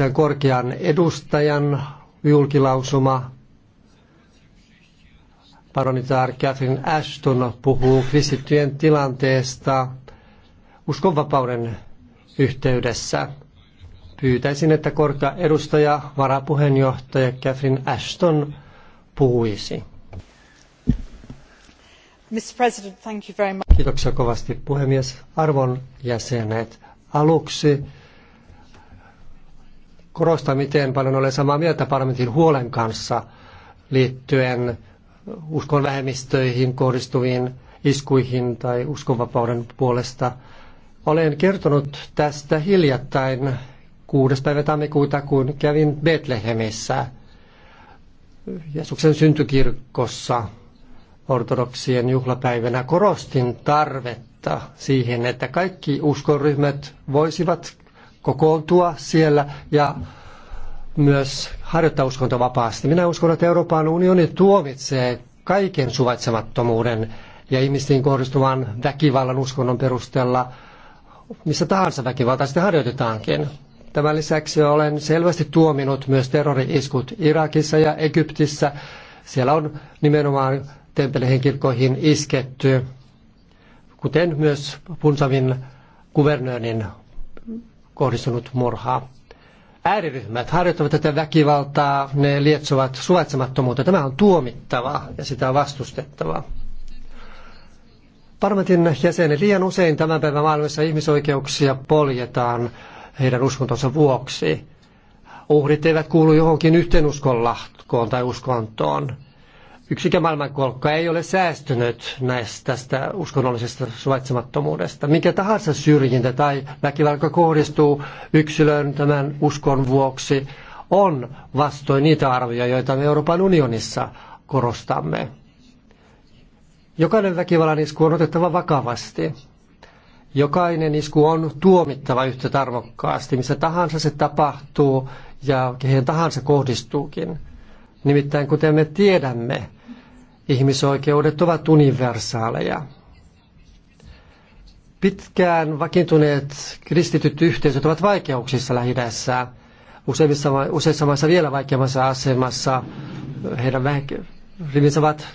sen korkean edustajan julkilausuma. Paronitaar Catherine Ashton puhuu kristittyjen tilanteesta uskonvapauden yhteydessä. Pyytäisin, että korkea edustaja, varapuheenjohtaja Catherine Ashton puhuisi. Mr. President, thank you very much. Kiitoksia kovasti puhemies. Arvon jäsenet, aluksi korostaa, miten paljon olen samaa mieltä parlamentin huolen kanssa liittyen vähemmistöihin kohdistuviin iskuihin tai uskonvapauden puolesta. Olen kertonut tästä hiljattain 6. päivä tammikuuta, kun kävin Betlehemissä, Jeesuksen syntykirkossa, ortodoksien juhlapäivänä korostin tarvetta siihen, että kaikki uskonryhmät voisivat kokoontua siellä ja myös harjoittaa uskonto vapaasti. Minä uskon, että Euroopan unioni tuomitsee kaiken suvaitsemattomuuden ja ihmisiin kohdistuvan väkivallan uskonnon perusteella, missä tahansa väkivaltaa sitten harjoitetaankin. Tämän lisäksi olen selvästi tuominut myös terrori-iskut Irakissa ja Egyptissä. Siellä on nimenomaan temppeleihin kirkkoihin isketty, kuten myös Punsavin kuvernöörin kohdistunut murhaa. Ääriryhmät harjoittavat tätä väkivaltaa, ne lietsovat suvaitsemattomuutta. Tämä on tuomittavaa ja sitä on vastustettavaa. Parlamentin jäsenet liian usein tämän päivän maailmassa ihmisoikeuksia poljetaan heidän uskontonsa vuoksi. Uhrit eivät kuulu johonkin yhteen uskonlahkoon tai uskontoon. Yksikään maailmankolkka ei ole säästynyt näistä tästä uskonnollisesta suvaitsemattomuudesta. Mikä tahansa syrjintä tai väkivalta kohdistuu yksilöön tämän uskon vuoksi on vastoin niitä arvoja, joita me Euroopan unionissa korostamme. Jokainen väkivallan isku on otettava vakavasti. Jokainen isku on tuomittava yhtä tarmokkaasti, missä tahansa se tapahtuu ja kehen tahansa kohdistuukin. Nimittäin kuten me tiedämme, ihmisoikeudet ovat universaaleja. Pitkään vakiintuneet kristityt yhteisöt ovat vaikeuksissa lähi useissa useissa maissa vielä vaikeammassa asemassa. Heidän rivinsä ovat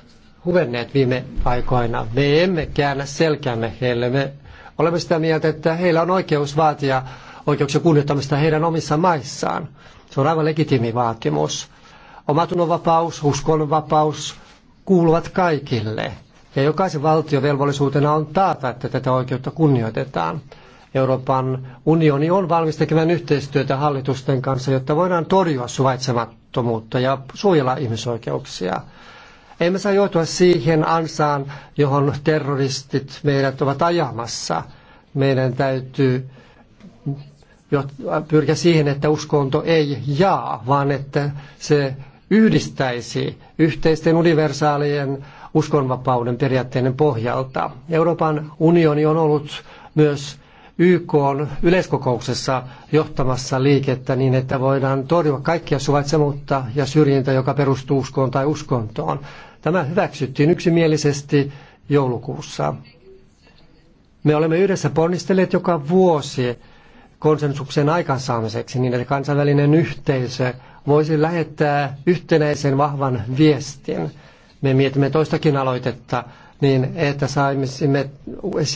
huvenneet viime aikoina. Me emme käännä selkäämme heille. Me olemme sitä mieltä, että heillä on oikeus vaatia oikeuksia kunnioittamista heidän omissa maissaan. Se on aivan legitiimi vaatimus. Omatunnon vapaus, kuuluvat kaikille. Ja jokaisen valtion velvollisuutena on taata, että tätä oikeutta kunnioitetaan. Euroopan unioni on valmis tekemään yhteistyötä hallitusten kanssa, jotta voidaan torjua suvaitsemattomuutta ja suojella ihmisoikeuksia. Emme saa joutua siihen ansaan, johon terroristit meidät ovat ajamassa. Meidän täytyy pyrkiä siihen, että uskonto ei jaa, vaan että se yhdistäisi yhteisten universaalien uskonvapauden periaatteiden pohjalta. Euroopan unioni on ollut myös YK on yleiskokouksessa johtamassa liikettä niin, että voidaan torjua kaikkia suvaitsemutta ja syrjintä, joka perustuu uskoon tai uskontoon. Tämä hyväksyttiin yksimielisesti joulukuussa. Me olemme yhdessä ponnistelleet joka vuosi konsensuksen aikaansaamiseksi niin, että kansainvälinen yhteisö voisi lähettää yhtenäisen vahvan viestin. Me mietimme toistakin aloitetta niin, että saisimme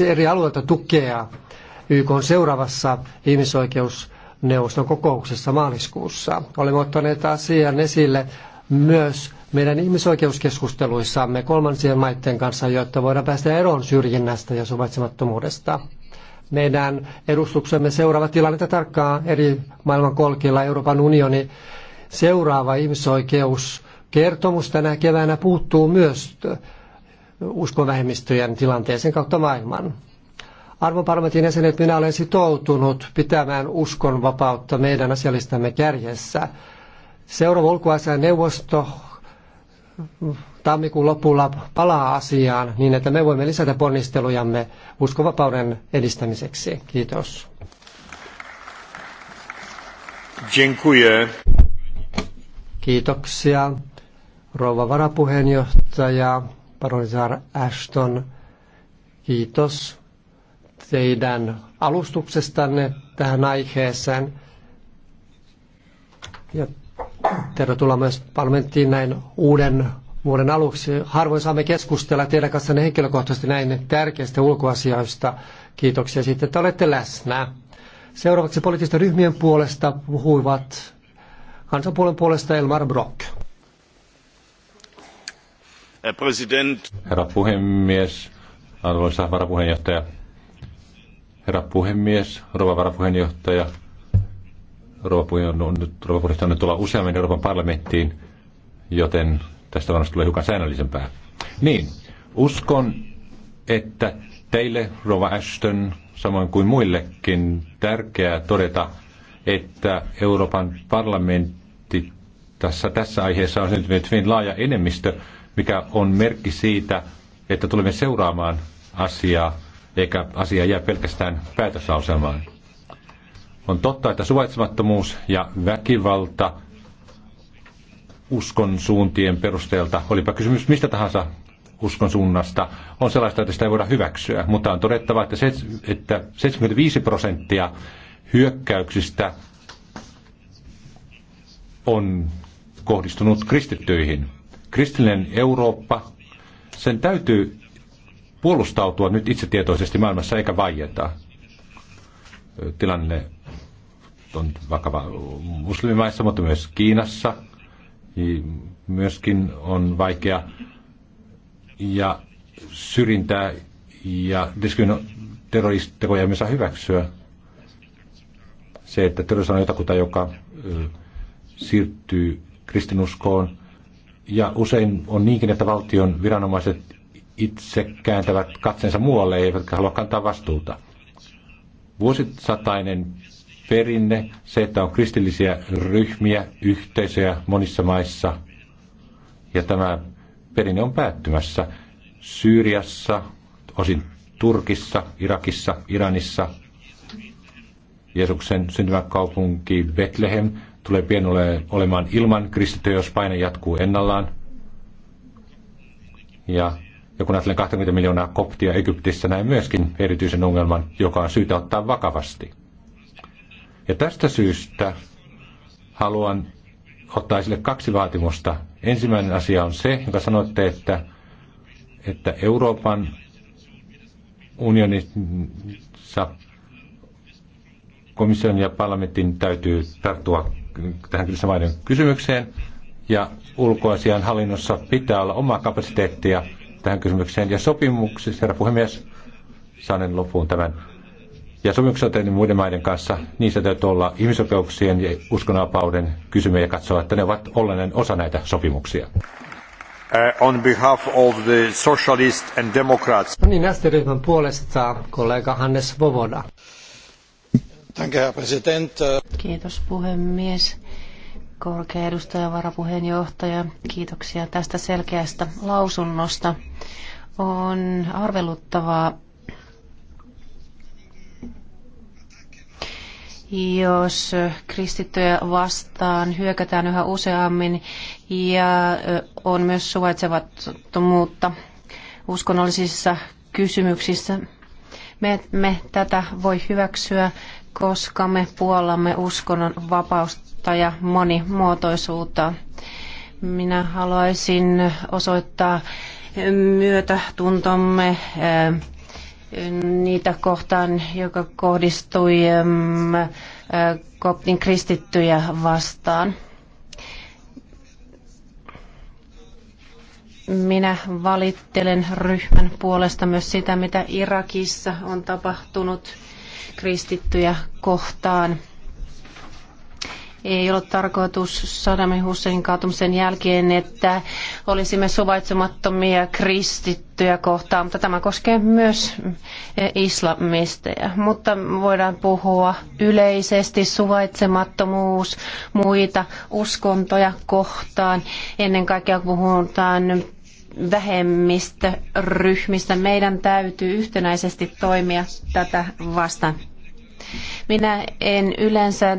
eri alueilta tukea YK on seuraavassa ihmisoikeusneuvoston kokouksessa maaliskuussa. Olemme ottaneet asian esille myös meidän ihmisoikeuskeskusteluissamme kolmansien maiden kanssa, jotta voidaan päästä eroon syrjinnästä ja suvaitsemattomuudesta. Meidän edustuksemme seuraava tilannetta tarkkaan eri kolkilla Euroopan unioni Seuraava ihmisoikeus-kertomus tänä keväänä puuttuu myös uskovähemmistöjen tilanteeseen kautta maailman. Arvoparlamentin jäsenet, minä olen sitoutunut pitämään uskon vapautta meidän asialistamme kärjessä. Seuraava ulkoasian neuvosto tammikuun lopulla palaa asiaan niin, että me voimme lisätä ponnistelujamme uskovapauden edistämiseksi. Kiitos. Dziękuję. Kiitoksia, rouva varapuheenjohtaja Baronisar Ashton. Kiitos teidän alustuksestanne tähän aiheeseen. Ja tervetuloa myös parlamenttiin näin uuden vuoden aluksi. Harvoin saamme keskustella teidän kanssa henkilökohtaisesti näin tärkeistä ulkoasioista. Kiitoksia siitä, että olette läsnä. Seuraavaksi poliittisten ryhmien puolesta puhuivat Kansanpuolen puolesta Elmar Brock. Herra puhemies, arvoisa varapuheenjohtaja, herra puhemies, rouva varapuheenjohtaja, rouva puheenjohtaja on nyt tulla useammin Euroopan parlamenttiin, joten tästä varmasti tulee hiukan säännöllisempää. Niin, uskon, että teille, rouva Ashton, samoin kuin muillekin, tärkeää todeta, että Euroopan parlamentti tässä, tässä aiheessa on syntynyt hyvin laaja enemmistö, mikä on merkki siitä, että tulemme seuraamaan asiaa, eikä asia jää pelkästään päätöslauselmaan. On totta, että suvaitsemattomuus ja väkivalta uskon suuntien perusteelta, olipa kysymys mistä tahansa uskon suunnasta, on sellaista, että sitä ei voida hyväksyä. Mutta on todettava, että, se, että 75 prosenttia hyökkäyksistä on kohdistunut kristittyihin. Kristillinen Eurooppa, sen täytyy puolustautua nyt itsetietoisesti maailmassa eikä vaieta. Tilanne on vakava muslimimaissa, mutta myös Kiinassa. Myöskin on vaikea ja syrjintää ja terroristitekoja ei saa hyväksyä. Se, että terrorista on jotakuta, joka siirtyy kristinuskoon. Ja usein on niinkin, että valtion viranomaiset itse kääntävät katseensa muualle, eivätkä halua kantaa vastuuta. Vuosisatainen perinne, se, että on kristillisiä ryhmiä, yhteisöjä monissa maissa, ja tämä perinne on päättymässä. Syyriassa, osin Turkissa, Irakissa, Iranissa, Jeesuksen syntymäkaupunki Bethlehem tulee pian olemaan ilman kristittyä, jos paine jatkuu ennallaan. Ja, ja kun ajattelen 20 miljoonaa koptia Egyptissä, näen myöskin erityisen ongelman, joka on syytä ottaa vakavasti. Ja tästä syystä haluan ottaa esille kaksi vaatimusta. Ensimmäinen asia on se, jonka sanoitte, että, että Euroopan unionissa komission ja parlamentin täytyy tarttua tähän Kristian kysymykseen. Ja ulkoasian hallinnossa pitää olla omaa kapasiteettia tähän kysymykseen. Ja sopimuksissa, herra puhemies, saanen loppuun tämän. Ja sopimuksessa on niin muiden maiden kanssa, niissä täytyy olla ihmisoikeuksien ja uskonnonvapauden kysymyksiä ja katsoa, että ne ovat olennainen osa näitä sopimuksia. Uh, on behalf of the Socialist and Democrats. No niin, puolesta kollega Hannes Vovoda. Kiitos puhemies. Korkea edustaja varapuheenjohtaja, kiitoksia tästä selkeästä lausunnosta. On arveluttavaa, jos kristittyjä vastaan hyökätään yhä useammin ja on myös suvaitsevattomuutta uskonnollisissa kysymyksissä. Me, me tätä voi hyväksyä koska me puollamme uskonnon vapausta ja monimuotoisuutta. Minä haluaisin osoittaa myötätuntomme eh, niitä kohtaan, joka kohdistui eh, koptin kristittyjä vastaan. Minä valittelen ryhmän puolesta myös sitä, mitä Irakissa on tapahtunut kristittyjä kohtaan. Ei ole tarkoitus Saddam Husseinin kaatumisen jälkeen, että olisimme suvaitsemattomia kristittyjä kohtaan, mutta tämä koskee myös e, islamisteja. Mutta voidaan puhua yleisesti suvaitsemattomuus muita uskontoja kohtaan. Ennen kaikkea puhutaan vähemmistöryhmistä. Meidän täytyy yhtenäisesti toimia tätä vastaan. Minä en yleensä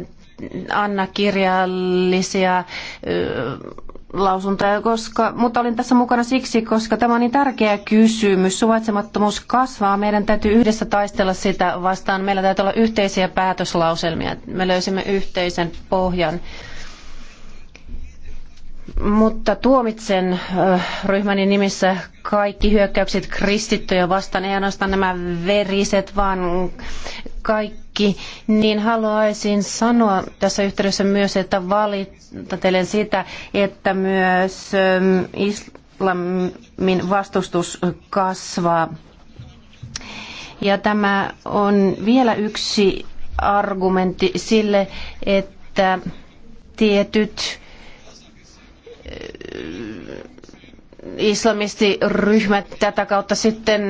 anna kirjallisia lausuntoja, koska, mutta olin tässä mukana siksi, koska tämä on niin tärkeä kysymys. Suvaitsemattomuus kasvaa. Meidän täytyy yhdessä taistella sitä vastaan. Meillä täytyy olla yhteisiä päätöslauselmia. Me löysimme yhteisen pohjan mutta tuomitsen ryhmäni nimissä kaikki hyökkäykset kristittyjä vastaan, ei ainoastaan nämä veriset, vaan kaikki, niin haluaisin sanoa tässä yhteydessä myös, että valittelen sitä, että myös islamin vastustus kasvaa. Ja tämä on vielä yksi argumentti sille, että tietyt islamistiryhmät tätä kautta sitten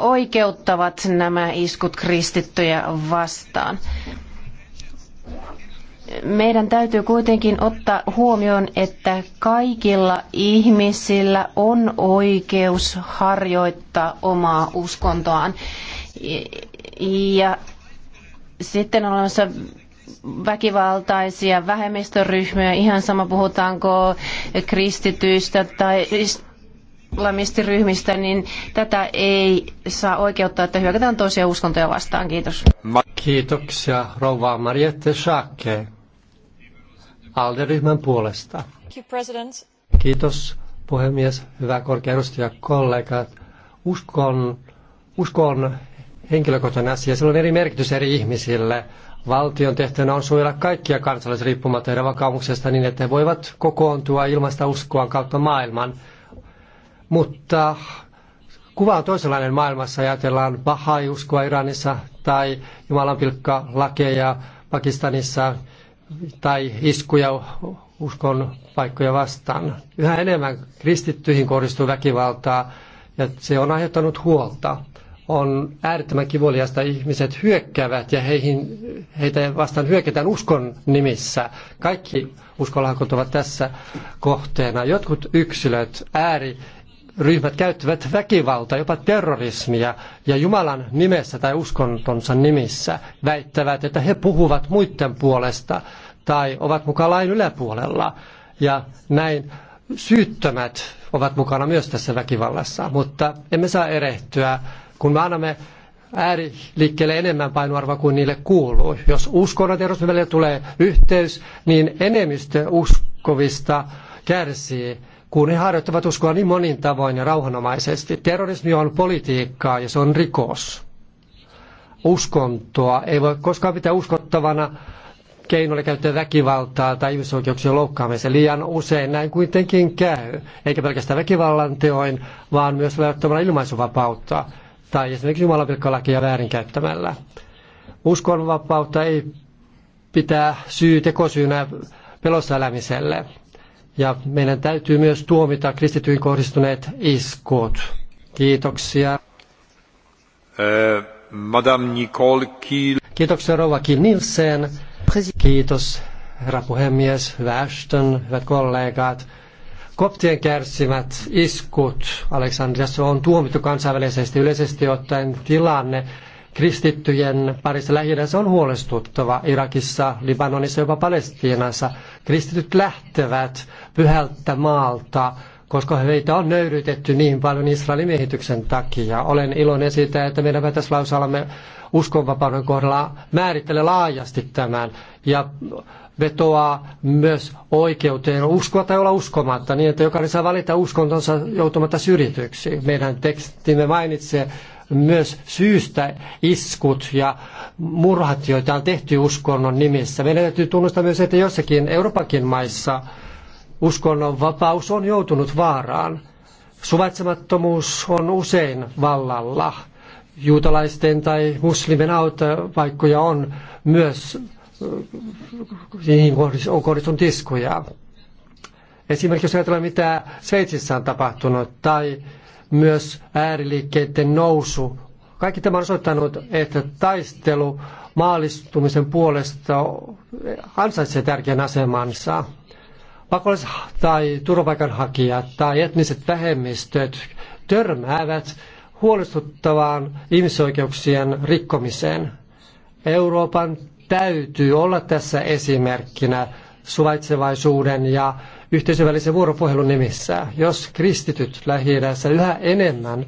oikeuttavat nämä iskut kristittyjä vastaan. Meidän täytyy kuitenkin ottaa huomioon, että kaikilla ihmisillä on oikeus harjoittaa omaa uskontoaan. Ja sitten on olemassa väkivaltaisia vähemmistöryhmiä, ihan sama puhutaanko kristityistä tai islamistiryhmistä, niin tätä ei saa oikeuttaa, että hyökätään toisia uskontoja vastaan. Kiitos. Kiitoksia rouva Mariette Schake ALDE-ryhmän puolesta. Kiitos puhemies, hyvä korkea edustaja, kollegat. Uskon, uskon henkilökohtainen asia, sillä on eri merkitys eri ihmisille – Valtion tehtävänä on suojella kaikkia kansalaisia riippumatta heidän vakaumuksesta niin, että he voivat kokoontua ilmaista uskoa kautta maailman. Mutta kuva on toisenlainen maailmassa. Ajatellaan bahai-uskoa Iranissa tai jumalanpilkka lakeja Pakistanissa tai iskuja uskon paikkoja vastaan. Yhä enemmän kristittyihin kohdistuu väkivaltaa ja se on aiheuttanut huolta on äärettömän kivuliasta. Ihmiset hyökkäävät ja heihin, heitä vastaan hyökätään uskon nimissä. Kaikki uskonlahkot ovat tässä kohteena. Jotkut yksilöt, ääriryhmät käyttävät väkivaltaa, jopa terrorismia ja Jumalan nimessä tai uskontonsa nimissä väittävät, että he puhuvat muiden puolesta tai ovat mukaan lain yläpuolella. Ja näin syyttömät ovat mukana myös tässä väkivallassa, mutta emme saa erehtyä kun me annamme ääriliikkeelle enemmän painoarvoa kuin niille kuuluu. Jos uskonnon terrorismin välillä tulee yhteys, niin enemmistö uskovista kärsii, kun he harjoittavat uskoa niin monin tavoin ja rauhanomaisesti. Terrorismi on politiikkaa ja se on rikos. Uskontoa ei voi koskaan pitää uskottavana keinoilla käyttää väkivaltaa tai ihmisoikeuksien loukkaamiseen. Liian usein näin kuitenkin käy, eikä pelkästään väkivallan teoin, vaan myös välttämällä ilmaisuvapautta tai esimerkiksi jumalapilkkalakia väärinkäyttämällä. Uskonvapautta ei pitää syy tekosyynä pelossa elämiselle. Ja meidän täytyy myös tuomita kristityin kohdistuneet iskut. Kiitoksia. Madame Nicole Kiel. Kiitoksia Rova Kiel-Nielsen. Kiitos herra puhemies, hyvä Ashton, hyvät kollegat. Koptien kärsimät iskut Aleksandriassa on tuomittu kansainvälisesti yleisesti ottaen tilanne kristittyjen parissa lähi on huolestuttava. Irakissa, Libanonissa, jopa Palestiinassa kristityt lähtevät pyhältä maalta, koska heitä on nöyrytetty niin paljon Israelin miehityksen takia. Olen iloinen siitä, että meidän väitöslausallamme uskonvapauden kohdalla määrittelee laajasti tämän ja vetoaa myös oikeuteen uskoa tai olla uskomatta, niin että jokainen saa valita uskontonsa joutumatta syrjityksi. Meidän tekstimme mainitsee myös syystä iskut ja murhat, joita on tehty uskonnon nimissä. Meidän täytyy tunnustaa myös, että jossakin Euroopankin maissa uskonnon vapaus on joutunut vaaraan. Suvaitsemattomuus on usein vallalla. Juutalaisten tai muslimien autopaikkoja on myös niihin on kohdistunut iskuja. Esimerkiksi jos ajatellaan, mitä Sveitsissä on tapahtunut, tai myös ääriliikkeiden nousu. Kaikki tämä on osoittanut, että taistelu maalistumisen puolesta ansaitsee tärkeän asemansa. Pakolaiset tai turvapaikanhakijat tai etniset vähemmistöt törmäävät huolestuttavaan ihmisoikeuksien rikkomiseen. Euroopan täytyy olla tässä esimerkkinä suvaitsevaisuuden ja yhteisön välisen vuoropuhelun nimissä. Jos kristityt lähi yhä enemmän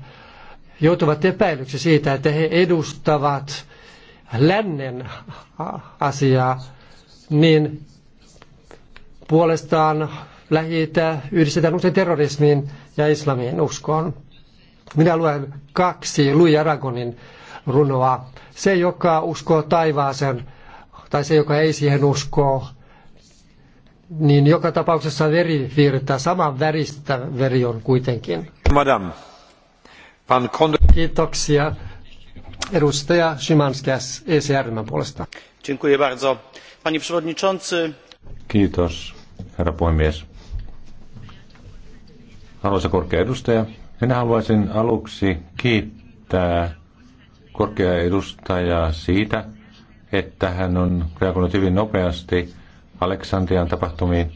joutuvat epäilyksi siitä, että he edustavat lännen asiaa, niin puolestaan lähi yhdistetään usein terrorismiin ja islamiin uskoon. Minä luen kaksi Louis Aragonin runoa. Se, joka uskoo taivaaseen, tai se, joka ei siihen usko, niin joka tapauksessa veri virtaa. Saman väristä veri on kuitenkin. Madame. Pan Kond- Kiitoksia. Edustaja Szymanski ecr puolesta. Dziękuję bardzo. Panie przewodniczący. Kiitos, herra puhemies. Arvoisa korkea edustaja, minä haluaisin aluksi kiittää korkea edustajaa siitä, että hän on reagoinut hyvin nopeasti Aleksandrian tapahtumiin.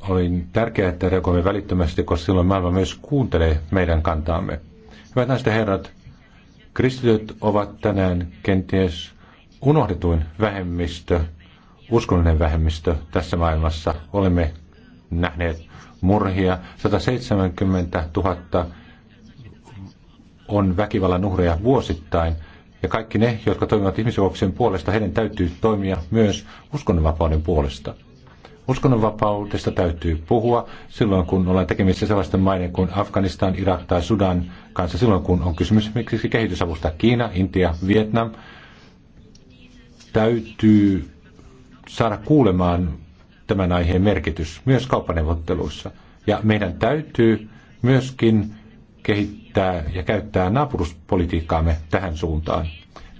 Oli tärkeää, että reagoimme välittömästi, koska silloin maailma myös kuuntelee meidän kantaamme. Hyvät naiset ja herrat, kristityt ovat tänään kenties unohdetuin vähemmistö, uskonnollinen vähemmistö tässä maailmassa. Olemme nähneet murhia. 170 000 on väkivallan uhreja vuosittain – ja kaikki ne, jotka toimivat ihmisoikeuksien puolesta, heidän täytyy toimia myös uskonnonvapauden puolesta. Uskonnonvapaudesta täytyy puhua silloin, kun ollaan tekemisissä sellaisten maiden kuin Afganistan, Irak tai Sudan kanssa, silloin kun on kysymys miksi kehitysavusta Kiina, Intia, Vietnam. Täytyy saada kuulemaan tämän aiheen merkitys myös kauppaneuvotteluissa. Ja meidän täytyy myöskin kehittää kehittää ja käyttää naapuruspolitiikkaamme tähän suuntaan.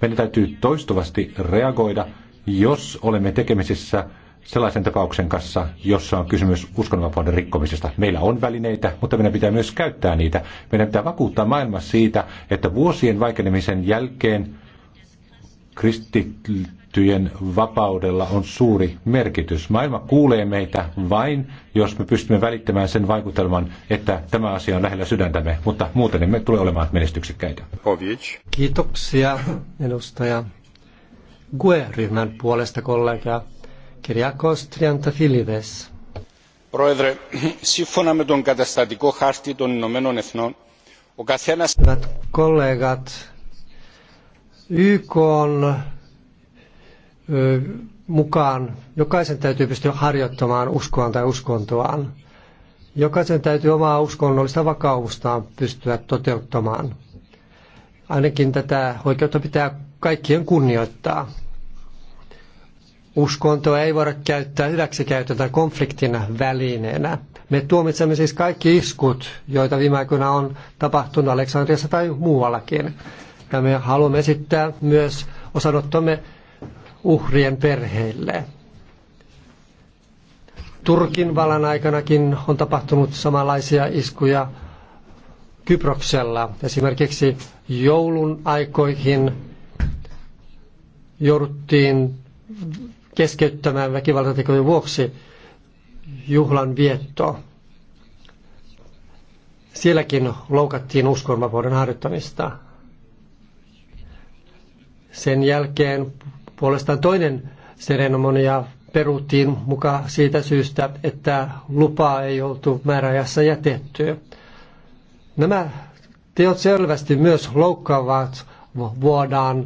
Meidän täytyy toistuvasti reagoida, jos olemme tekemisissä sellaisen tapauksen kanssa, jossa on kysymys uskonnonvapauden rikkomisesta. Meillä on välineitä, mutta meidän pitää myös käyttää niitä. Meidän pitää vakuuttaa maailma siitä, että vuosien vaikenemisen jälkeen kristit kristittyjen vapaudella on suuri merkitys. Maailma kuulee meitä vain, jos me pystymme välittämään sen vaikutelman, että tämä asia on lähellä sydäntämme, mutta muuten emme tule olemaan menestyksekkäitä. Kiitoksia edustaja GUE-ryhmän puolesta kollega Kyriakos Triantafilides. Proedre, σύμφωνα με τον καταστατικό χάρτη των Ηνωμένων Εθνών, Hyvät kollegat, YK on mukaan jokaisen täytyy pystyä harjoittamaan uskoaan tai uskontoaan. Jokaisen täytyy omaa uskonnollista vakaumustaan pystyä toteuttamaan. Ainakin tätä oikeutta pitää kaikkien kunnioittaa. Uskontoa ei voida käyttää hyväksikäytön tai konfliktin välineenä. Me tuomitsemme siis kaikki iskut, joita viime aikoina on tapahtunut Aleksandriassa tai muuallakin. Ja me haluamme esittää myös osanottomme uhrien perheille. Turkin vallan aikanakin on tapahtunut samanlaisia iskuja Kyproksella. Esimerkiksi joulun aikoihin jouduttiin keskeyttämään väkivaltatekojen vuoksi juhlan vietto. Sielläkin loukattiin uskonvapauden harjoittamista. Sen jälkeen Puolestaan toinen seremonia peruttiin muka siitä syystä, että lupaa ei oltu määräajassa jätetty. Nämä teot selvästi myös loukkaavat vuodaan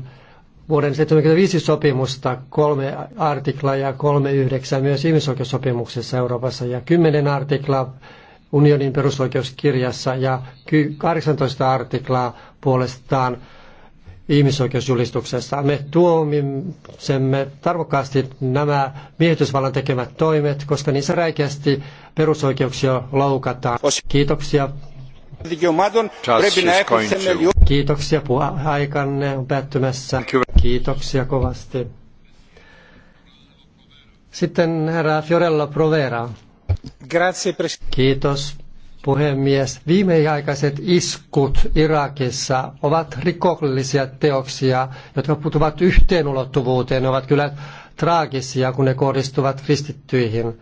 vuoden 1975 sopimusta, kolme artiklaa ja kolme yhdeksän myös ihmisoikeussopimuksessa Euroopassa ja kymmenen artiklaa unionin perusoikeuskirjassa ja 18 artiklaa puolestaan ihmisoikeusjulistuksessa. Me tuomitsemme tarvokkaasti nämä miehitysvallan tekemät toimet, koska niissä räikeästi perusoikeuksia loukataan. Kiitoksia. Kiitoksia, aikanne on päättymässä. Kiitoksia kovasti. Sitten herra Fiorello Provera. Kiitos puhemies. Viimeaikaiset iskut Irakissa ovat rikollisia teoksia, jotka puuttuvat yhteen ulottuvuuteen. Ne ovat kyllä traagisia, kun ne kohdistuvat kristittyihin,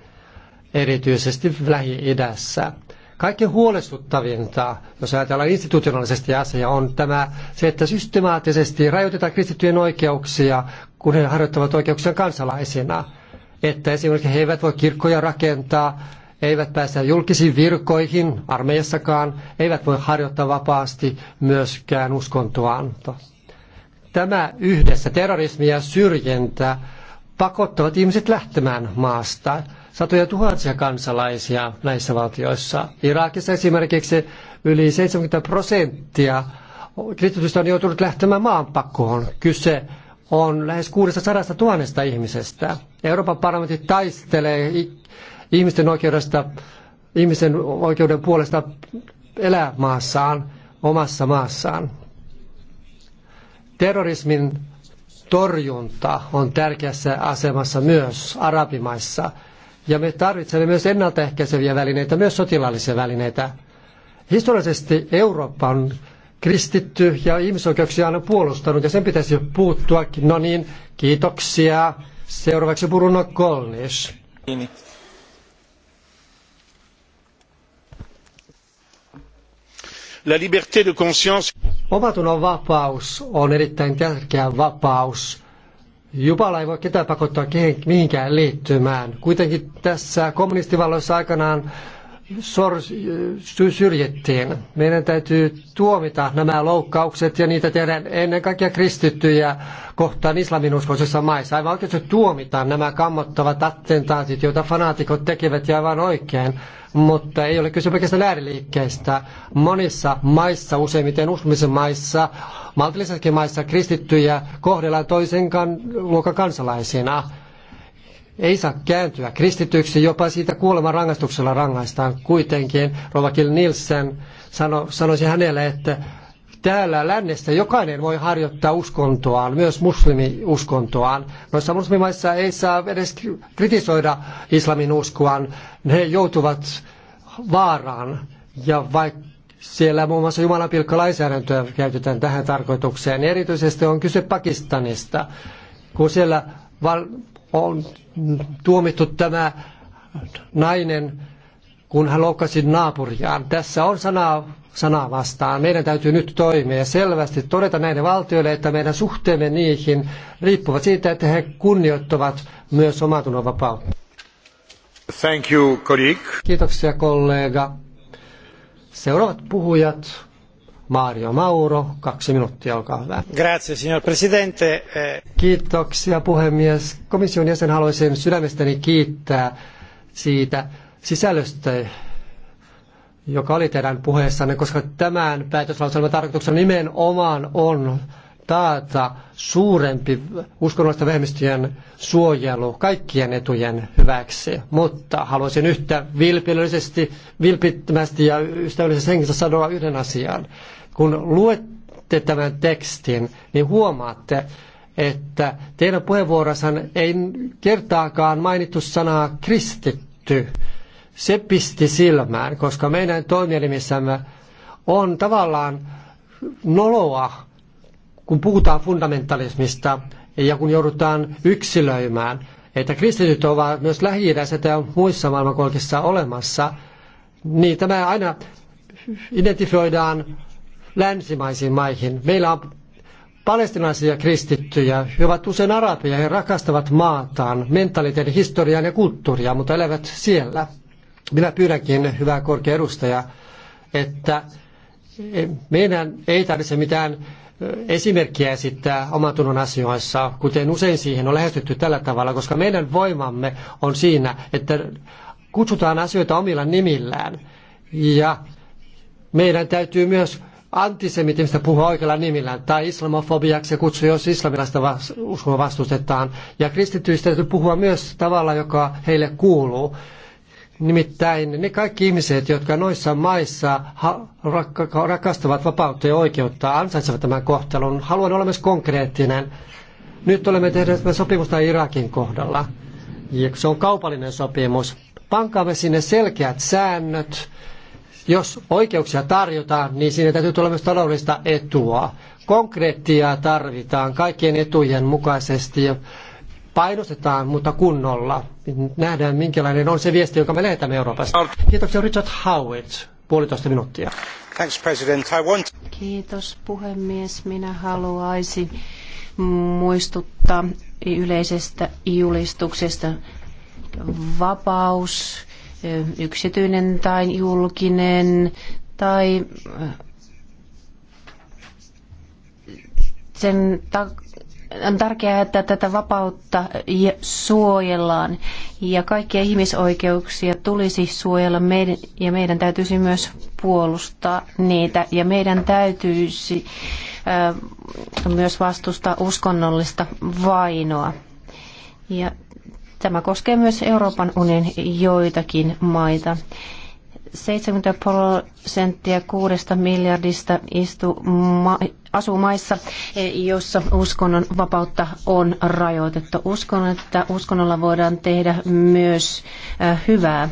erityisesti Lähi-idässä. Kaikkein huolestuttavinta, jos ajatellaan institutionaalisesti asia, on tämä se, että systemaattisesti rajoitetaan kristittyjen oikeuksia, kun he harjoittavat oikeuksia kansalaisina. Että esimerkiksi he eivät voi kirkkoja rakentaa, eivät pääse julkisiin virkoihin armeijassakaan, eivät voi harjoittaa vapaasti myöskään uskontoaan. Tämä yhdessä terrorismi ja syrjintä pakottavat ihmiset lähtemään maasta. Satoja tuhansia kansalaisia näissä valtioissa. Irakissa esimerkiksi yli 70 prosenttia kristitystä on joutunut lähtemään maanpakoon. Kyse on lähes 600 000 ihmisestä. Euroopan parlamentti taistelee ihmisten oikeudesta, ihmisen oikeuden puolesta elää maassaan, omassa maassaan. Terrorismin torjunta on tärkeässä asemassa myös arabimaissa. Ja me tarvitsemme myös ennaltaehkäiseviä välineitä, myös sotilaallisia välineitä. Historiallisesti Eurooppa on kristitty ja ihmisoikeuksia on puolustanut ja sen pitäisi puuttuakin. No niin, kiitoksia. Seuraavaksi Bruno Kolnis. Kiitos. Niin. La liberté de conscience. Omatunnon vapaus on erittäin tärkeä vapaus. Jupala ei voi ketään pakottaa mihinkään liittymään. Kuitenkin tässä kommunistivalloissa aikanaan sor, syrjittiin. Meidän täytyy tuomita nämä loukkaukset ja niitä tehdään ennen kaikkea kristittyjä kohtaan islaminuskoisissa maissa. Aivan oikeasti tuomita nämä kammottavat attentaatit, joita fanaatikot tekevät ja aivan oikein. Mutta ei ole kyse pelkästään ääriliikkeistä. Monissa maissa, useimmiten uskomisen maissa, maltillisessakin maissa kristittyjä kohdellaan toisen kan, luokan kansalaisina ei saa kääntyä kristityksi, jopa siitä kuoleman rangaistuksella rangaistaan kuitenkin. Rovakil Nilsen sano, sanoisi hänelle, että täällä lännessä jokainen voi harjoittaa uskontoaan, myös muslimiuskontoaan. Noissa muslimimaissa ei saa edes kritisoida islamin uskoaan. Ne joutuvat vaaraan ja vaikka siellä muun muassa jumalapilkkalainsäädäntöä käytetään tähän tarkoitukseen. Erityisesti on kyse Pakistanista, kun siellä val- on tuomittu tämä nainen, kun hän loukkasi naapuriaan. Tässä on sana, sana vastaan. Meidän täytyy nyt toimia ja selvästi todeta näiden valtioille, että meidän suhteemme niihin riippuvat siitä, että he kunnioittavat myös omatunnon vapautta. Thank you, colleague. Kiitoksia kollega. Seuraavat puhujat Mario Mauro, kaksi minuuttia, olkaa hyvä. Grazie, signor Presidente. Kiitoksia, puhemies. Komission jäsen haluaisin sydämestäni kiittää siitä sisällöstä, joka oli teidän puheessanne, koska tämän päätöslauselman tarkoituksena nimenomaan on taata suurempi uskonnollisten vähemmistöjen suojelu kaikkien etujen hyväksi. Mutta haluaisin yhtä vilpillisesti, vilpittömästi ja ystävällisessä hengessä sanoa yhden asian. Kun luette tämän tekstin, niin huomaatte, että teidän puheenvuorossanne ei kertaakaan mainittu sanaa kristitty. Se pisti silmään, koska meidän toimielimissämme on tavallaan noloa, kun puhutaan fundamentalismista ja kun joudutaan yksilöimään, että kristityt ovat myös lähi ja muissa maailmankolkissa olemassa, niin tämä aina identifioidaan länsimaisiin maihin. Meillä on palestinaisia kristittyjä, he ovat usein arabeja, he rakastavat maataan, mentaliteetin, historiaa ja kulttuuria, mutta elävät siellä. Minä pyydänkin, hyvä korkea edustaja, että meidän ei tarvitse mitään esimerkkiä esittää omatunnon asioissa, kuten usein siihen on lähestytty tällä tavalla, koska meidän voimamme on siinä, että kutsutaan asioita omilla nimillään. Ja meidän täytyy myös antisemitismistä puhua oikealla nimillään, tai islamofobiaksi ja kutsua, jos islamilaista uskoa vastustetaan. Ja kristityistä täytyy puhua myös tavalla, joka heille kuuluu. Nimittäin ne kaikki ihmiset, jotka noissa maissa rakastavat vapautta ja oikeutta, ansaitsevat tämän kohtelun. Haluan olla myös konkreettinen. Nyt olemme tehneet sopimusta Irakin kohdalla. Se on kaupallinen sopimus. Pankaamme sinne selkeät säännöt, jos oikeuksia tarjotaan, niin siinä täytyy tulla myös taloudellista etua. Konkreettia tarvitaan kaikkien etujen mukaisesti ja painostetaan, mutta kunnolla. Nähdään, minkälainen on se viesti, jonka me lähetämme Euroopasta. Kiitoksia Richard Howard, puolitoista minuuttia. Thanks, President. I want... Kiitos puhemies. Minä haluaisin muistuttaa yleisestä julistuksesta vapaus, yksityinen tai julkinen tai sen on tärkeää, että tätä vapautta suojellaan ja kaikkia ihmisoikeuksia tulisi suojella meidän, ja meidän täytyisi myös puolustaa niitä ja meidän täytyisi myös vastustaa uskonnollista vainoa. Ja Tämä koskee myös Euroopan unionin joitakin maita. 70 prosenttia kuudesta miljardista istu ma- asuu maissa, e, jossa uskonnon vapautta on rajoitettu. Uskon, että uskonnolla voidaan tehdä myös e, hyvää.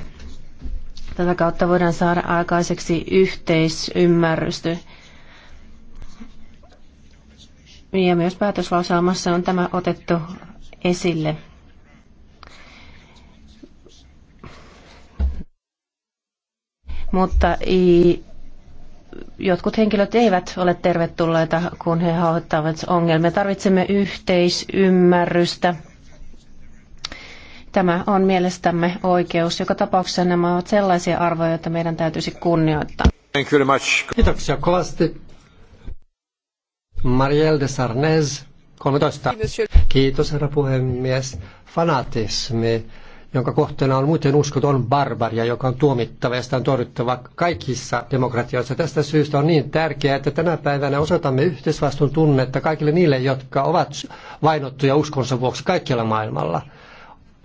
Tätä kautta voidaan saada aikaiseksi yhteisymmärrystä. Ja myös päätöslausaamassa on tämä otettu esille. mutta jotkut henkilöt eivät ole tervetulleita, kun he hauttavat ongelmia. Tarvitsemme yhteisymmärrystä. Tämä on mielestämme oikeus. Joka tapauksessa nämä ovat sellaisia arvoja, joita meidän täytyisi kunnioittaa. Thank you very much. Kiitoksia kovasti. Marielle de Sarnez, 13. Kiitos herra puhemies. Fanatismi jonka kohteena on muuten uskoton barbaria, joka on tuomittava ja sitä on torjuttava kaikissa demokratioissa. Tästä syystä on niin tärkeää, että tänä päivänä osoitamme yhteisvastuun tunnetta kaikille niille, jotka ovat vainottuja uskonsa vuoksi kaikkialla maailmalla.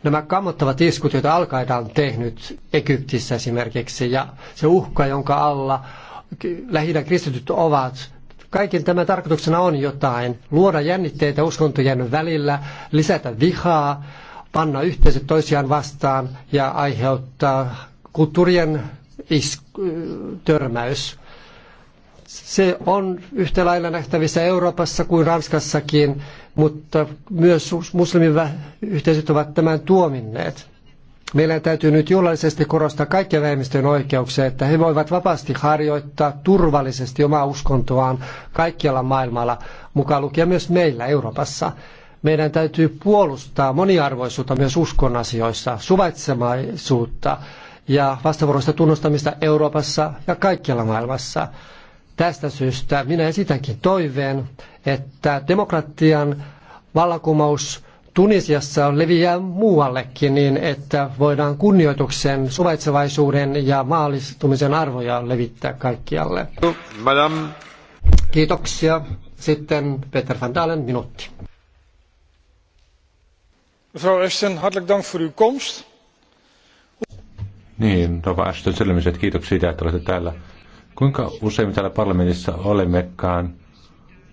Nämä kammottavat iskut, joita al on tehnyt Egyptissä esimerkiksi, ja se uhka, jonka alla lähinnä kristityt ovat, kaiken tämän tarkoituksena on jotain, luoda jännitteitä uskontojen välillä, lisätä vihaa, panna yhteiset toisiaan vastaan ja aiheuttaa kulttuurien isku, törmäys. Se on yhtä lailla nähtävissä Euroopassa kuin Ranskassakin, mutta myös muslimiyhteisöt ovat tämän tuominneet. Meidän täytyy nyt jollaisesti korostaa kaikkien vähemmistöjen oikeuksia, että he voivat vapaasti harjoittaa turvallisesti omaa uskontoaan kaikkialla maailmalla, mukaan lukien myös meillä Euroopassa. Meidän täytyy puolustaa moniarvoisuutta myös uskon asioissa, suvaitsemaisuutta ja vastavuoroista tunnustamista Euroopassa ja kaikkialla maailmassa. Tästä syystä minä esitänkin toiveen, että demokratian vallankumous Tunisiassa on leviää muuallekin niin, että voidaan kunnioituksen, suvaitsevaisuuden ja maallistumisen arvoja levittää kaikkialle. Madame. Kiitoksia. Sitten Peter van Dalen, minuutti. Mevrouw Ashton, hartelijk dank voor uw komst. Niin, Ashton, sydämiset kiitoksia siitä, että olette täällä. Kuinka usein täällä parlamentissa olemmekaan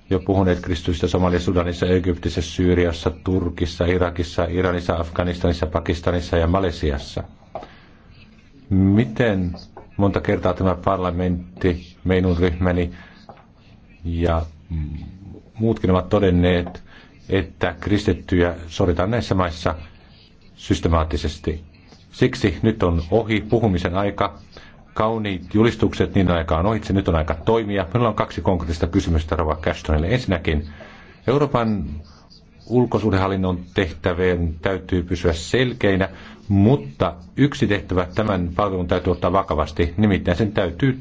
jo puhuneet kristystä Somalia, Sudanissa, Egyptissä, Syyriassa, Turkissa, Irakissa, Iranissa, Afganistanissa, Pakistanissa ja Malesiassa? Miten monta kertaa tämä parlamentti, meidän ryhmäni ja muutkin ovat todenneet, että kristittyjä sorretaan näissä maissa systemaattisesti. Siksi nyt on ohi puhumisen aika. Kauniit julistukset, niin aika on ohitse, nyt on aika toimia. Meillä on kaksi konkreettista kysymystä Rova Cashtonille. Ensinnäkin Euroopan ulkosuhdehallinnon tehtävien täytyy pysyä selkeinä, mutta yksi tehtävä tämän palvelun täytyy ottaa vakavasti, nimittäin sen täytyy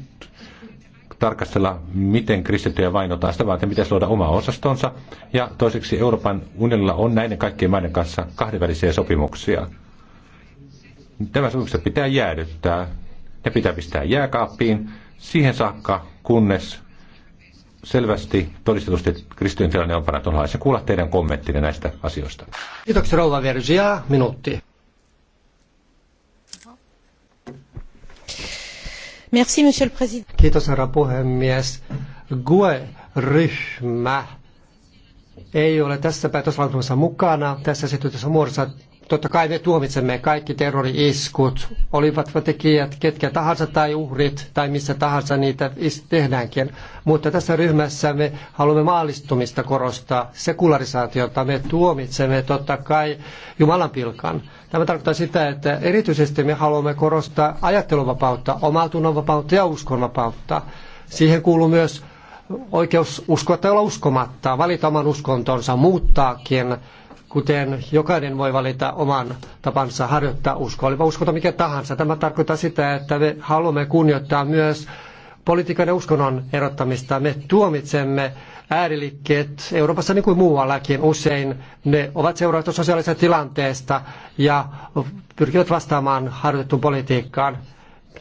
tarkastella, miten kristittyjä vainotaan. Sitä varten pitäisi luoda oma osastonsa. Ja toiseksi Euroopan unionilla on näiden kaikkien maiden kanssa kahdenvälisiä sopimuksia. Tämä sopimus pitää jäädyttää. Ne pitää pistää jääkaappiin siihen saakka, kunnes selvästi todistetusti kristityn tilanne on parantunut. Haluaisin kuulla teidän kommenttinne näistä asioista. Kiitoksia rouva Vergia. Minuutti monsieur le président. Kiitos, herra puhemies. GUE-ryhmä ei ole tässä päätöslauselmassa mukana. Tässä esityksessä muodossa Totta kai me tuomitsemme kaikki terrori-iskut, olivat tekijät ketkä tahansa tai uhrit tai missä tahansa niitä tehdäänkin. Mutta tässä ryhmässä me haluamme maallistumista korostaa, sekularisaatiota. Me tuomitsemme totta kai Jumalan pilkan. Tämä tarkoittaa sitä, että erityisesti me haluamme korostaa ajatteluvapautta, omatunnonvapautta ja uskonvapautta. Siihen kuuluu myös oikeus uskoa tai olla uskomatta, valita oman uskontonsa, muuttaakin kuten jokainen voi valita oman tapansa harjoittaa uskoa, olipa uskota mikä tahansa. Tämä tarkoittaa sitä, että me haluamme kunnioittaa myös politiikan ja uskonnon erottamista. Me tuomitsemme ääriliikkeet Euroopassa niin kuin muuallakin usein. Ne ovat seurausta sosiaalisesta tilanteesta ja pyrkivät vastaamaan harjoitettuun politiikkaan.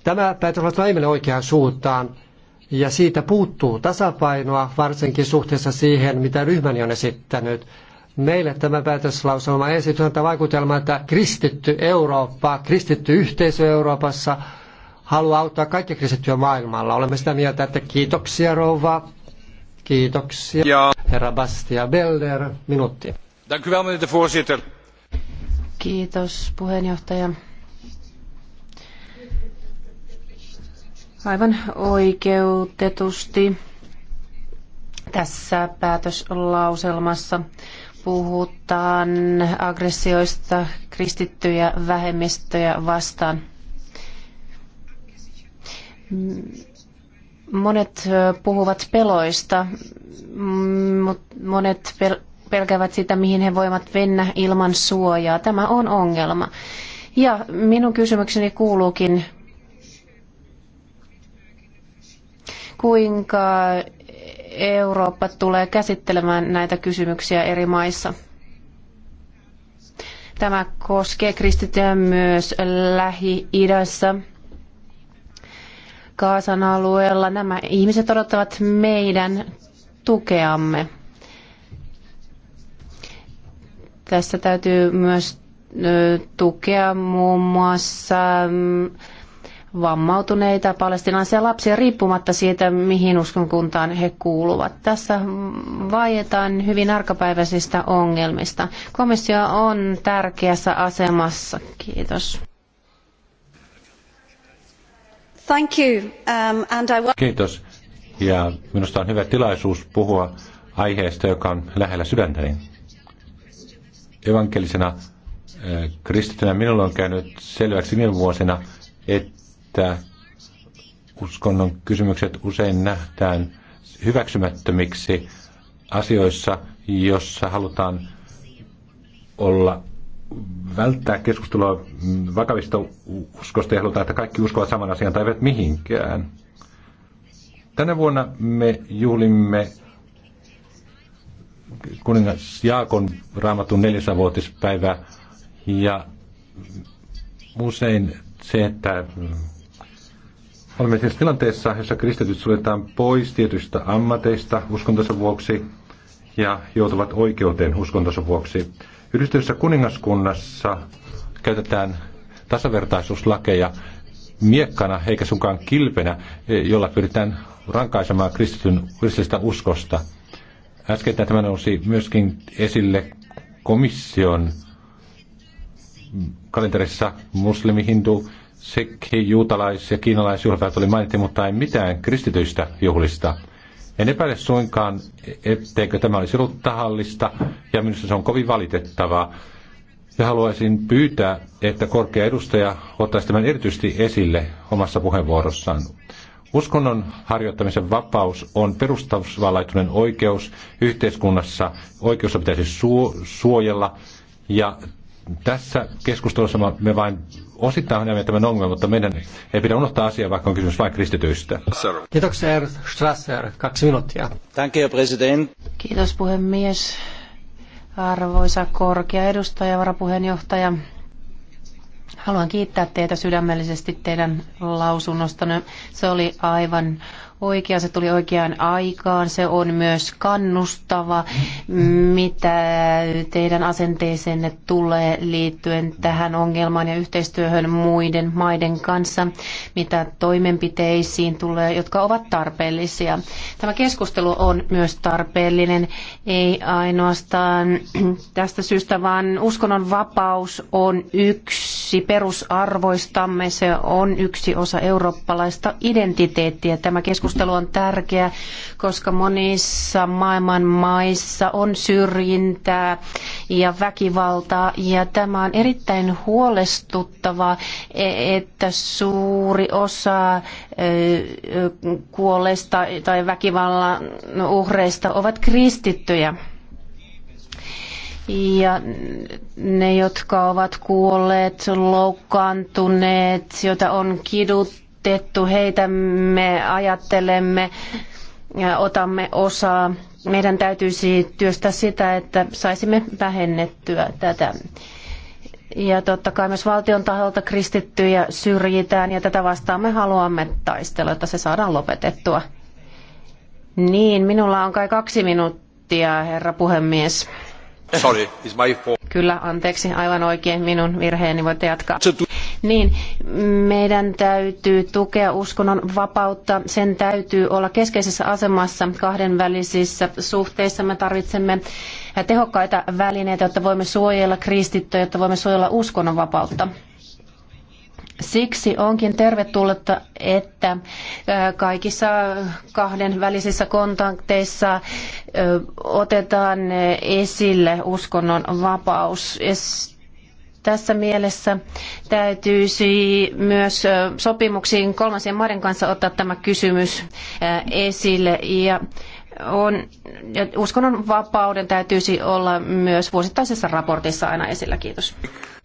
Tämä päätös ei mene oikeaan suuntaan ja siitä puuttuu tasapainoa varsinkin suhteessa siihen, mitä ryhmäni on esittänyt. Meille tämä päätöslauselma esitys antaa vaikutelma, että kristitty Eurooppa, kristitty yhteisö Euroopassa haluaa auttaa kaikkia kristittyjä maailmalla. Olemme sitä mieltä, että kiitoksia rouva, kiitoksia ja. herra Bastia Belder, minuutti. Kiitos puheenjohtaja. Aivan oikeutetusti tässä päätöslauselmassa puhutaan aggressioista kristittyjä vähemmistöjä vastaan. Monet puhuvat peloista, mutta monet pel- pelkäävät sitä, mihin he voivat mennä ilman suojaa. Tämä on ongelma. Ja minun kysymykseni kuuluukin, kuinka Eurooppa tulee käsittelemään näitä kysymyksiä eri maissa. Tämä koskee kristittyjä myös Lähi-idässä. Kaasan alueella nämä ihmiset odottavat meidän tukeamme. Tässä täytyy myös tukea muun muassa mm, vammautuneita palestinaisia lapsia riippumatta siitä, mihin uskonkuntaan he kuuluvat. Tässä vaietaan hyvin arkapäiväisistä ongelmista. Komissio on tärkeässä asemassa. Kiitos. Thank you. Um, and I... Kiitos. Ja minusta on hyvä tilaisuus puhua aiheesta, joka on lähellä sydäntäni. Evankelisena eh, kristittynä minulla on käynyt selväksi viime vuosina, että että uskonnon kysymykset usein nähdään hyväksymättömiksi asioissa, jossa halutaan olla välttää keskustelua vakavista uskosta ja halutaan, että kaikki uskovat saman asian tai eivät mihinkään. Tänä vuonna me juhlimme kuningas Jaakon raamatun neljäsavuotispäivää ja usein se, että Olemme siis tilanteessa, jossa kristityt suljetaan pois tietystä ammateista uskontonsa vuoksi ja joutuvat oikeuteen uskontonsa vuoksi. Yhdistyssä kuningaskunnassa käytetään tasavertaisuuslakeja miekkana eikä sunkaan kilpenä, jolla pyritään rankaisemaan kristityn, kristillistä uskosta. Äsken tämä nousi myöskin esille komission kalenterissa muslimi, hindu Sekki, juutalais- ja kiinalaisjuhlapäät oli mainittu, mutta ei mitään kristityistä juhlista. En epäile suinkaan, etteikö tämä olisi ollut tahallista, ja minusta se on kovin valitettavaa. Ja haluaisin pyytää, että korkea edustaja ottaisi tämän erityisesti esille omassa puheenvuorossaan. Uskonnon harjoittamisen vapaus on perustavallaituneen oikeus yhteiskunnassa. Oikeus pitäisi suojella ja tässä keskustelussa me vain osittain näemme tämän ongelman, mutta meidän ei pidä unohtaa asiaa, vaikka on kysymys vain kristityistä. Kiitoksia, Herr Strasser. Kaksi minuuttia. Thank you, president. Kiitos, puhemies. Arvoisa korkea edustaja, varapuheenjohtaja. Haluan kiittää teitä sydämellisesti teidän lausunnostanne. Se oli aivan oikea, se tuli oikeaan aikaan, se on myös kannustava, mitä teidän asenteeseenne tulee liittyen tähän ongelmaan ja yhteistyöhön muiden maiden kanssa, mitä toimenpiteisiin tulee, jotka ovat tarpeellisia. Tämä keskustelu on myös tarpeellinen, ei ainoastaan tästä syystä, vaan uskonnon vapaus on yksi perusarvoistamme, se on yksi osa eurooppalaista identiteettiä. Tämä keskustelu keskustelu on tärkeä, koska monissa maailman maissa on syrjintää ja väkivaltaa. Ja tämä on erittäin huolestuttavaa, e- että suuri osa e- kuolleista tai väkivallan uhreista ovat kristittyjä. Ja ne, jotka ovat kuolleet, loukkaantuneet, joita on kiduttu, koulutettu, heitä me ajattelemme ja otamme osaa. Meidän täytyisi työstää sitä, että saisimme vähennettyä tätä. Ja totta kai myös valtion taholta kristittyjä syrjitään ja tätä vastaan me haluamme taistella, että se saadaan lopetettua. Niin, minulla on kai kaksi minuuttia, herra puhemies. Sorry, it's my fault. Kyllä, anteeksi, aivan oikein minun virheeni, voitte jatkaa. Niin, meidän täytyy tukea uskonnon vapautta. Sen täytyy olla keskeisessä asemassa kahdenvälisissä suhteissa. Me tarvitsemme tehokkaita välineitä, jotta voimme suojella kristittyä, jotta voimme suojella uskonnon vapautta. Siksi onkin tervetullutta, että kaikissa kahden välisissä kontakteissa otetaan esille uskonnon vapaus. Tässä mielessä täytyisi myös sopimuksiin kolmansien maiden kanssa ottaa tämä kysymys esille ja on, uskonnon vapauden täytyisi olla myös vuosittaisessa raportissa aina esillä. Kiitos.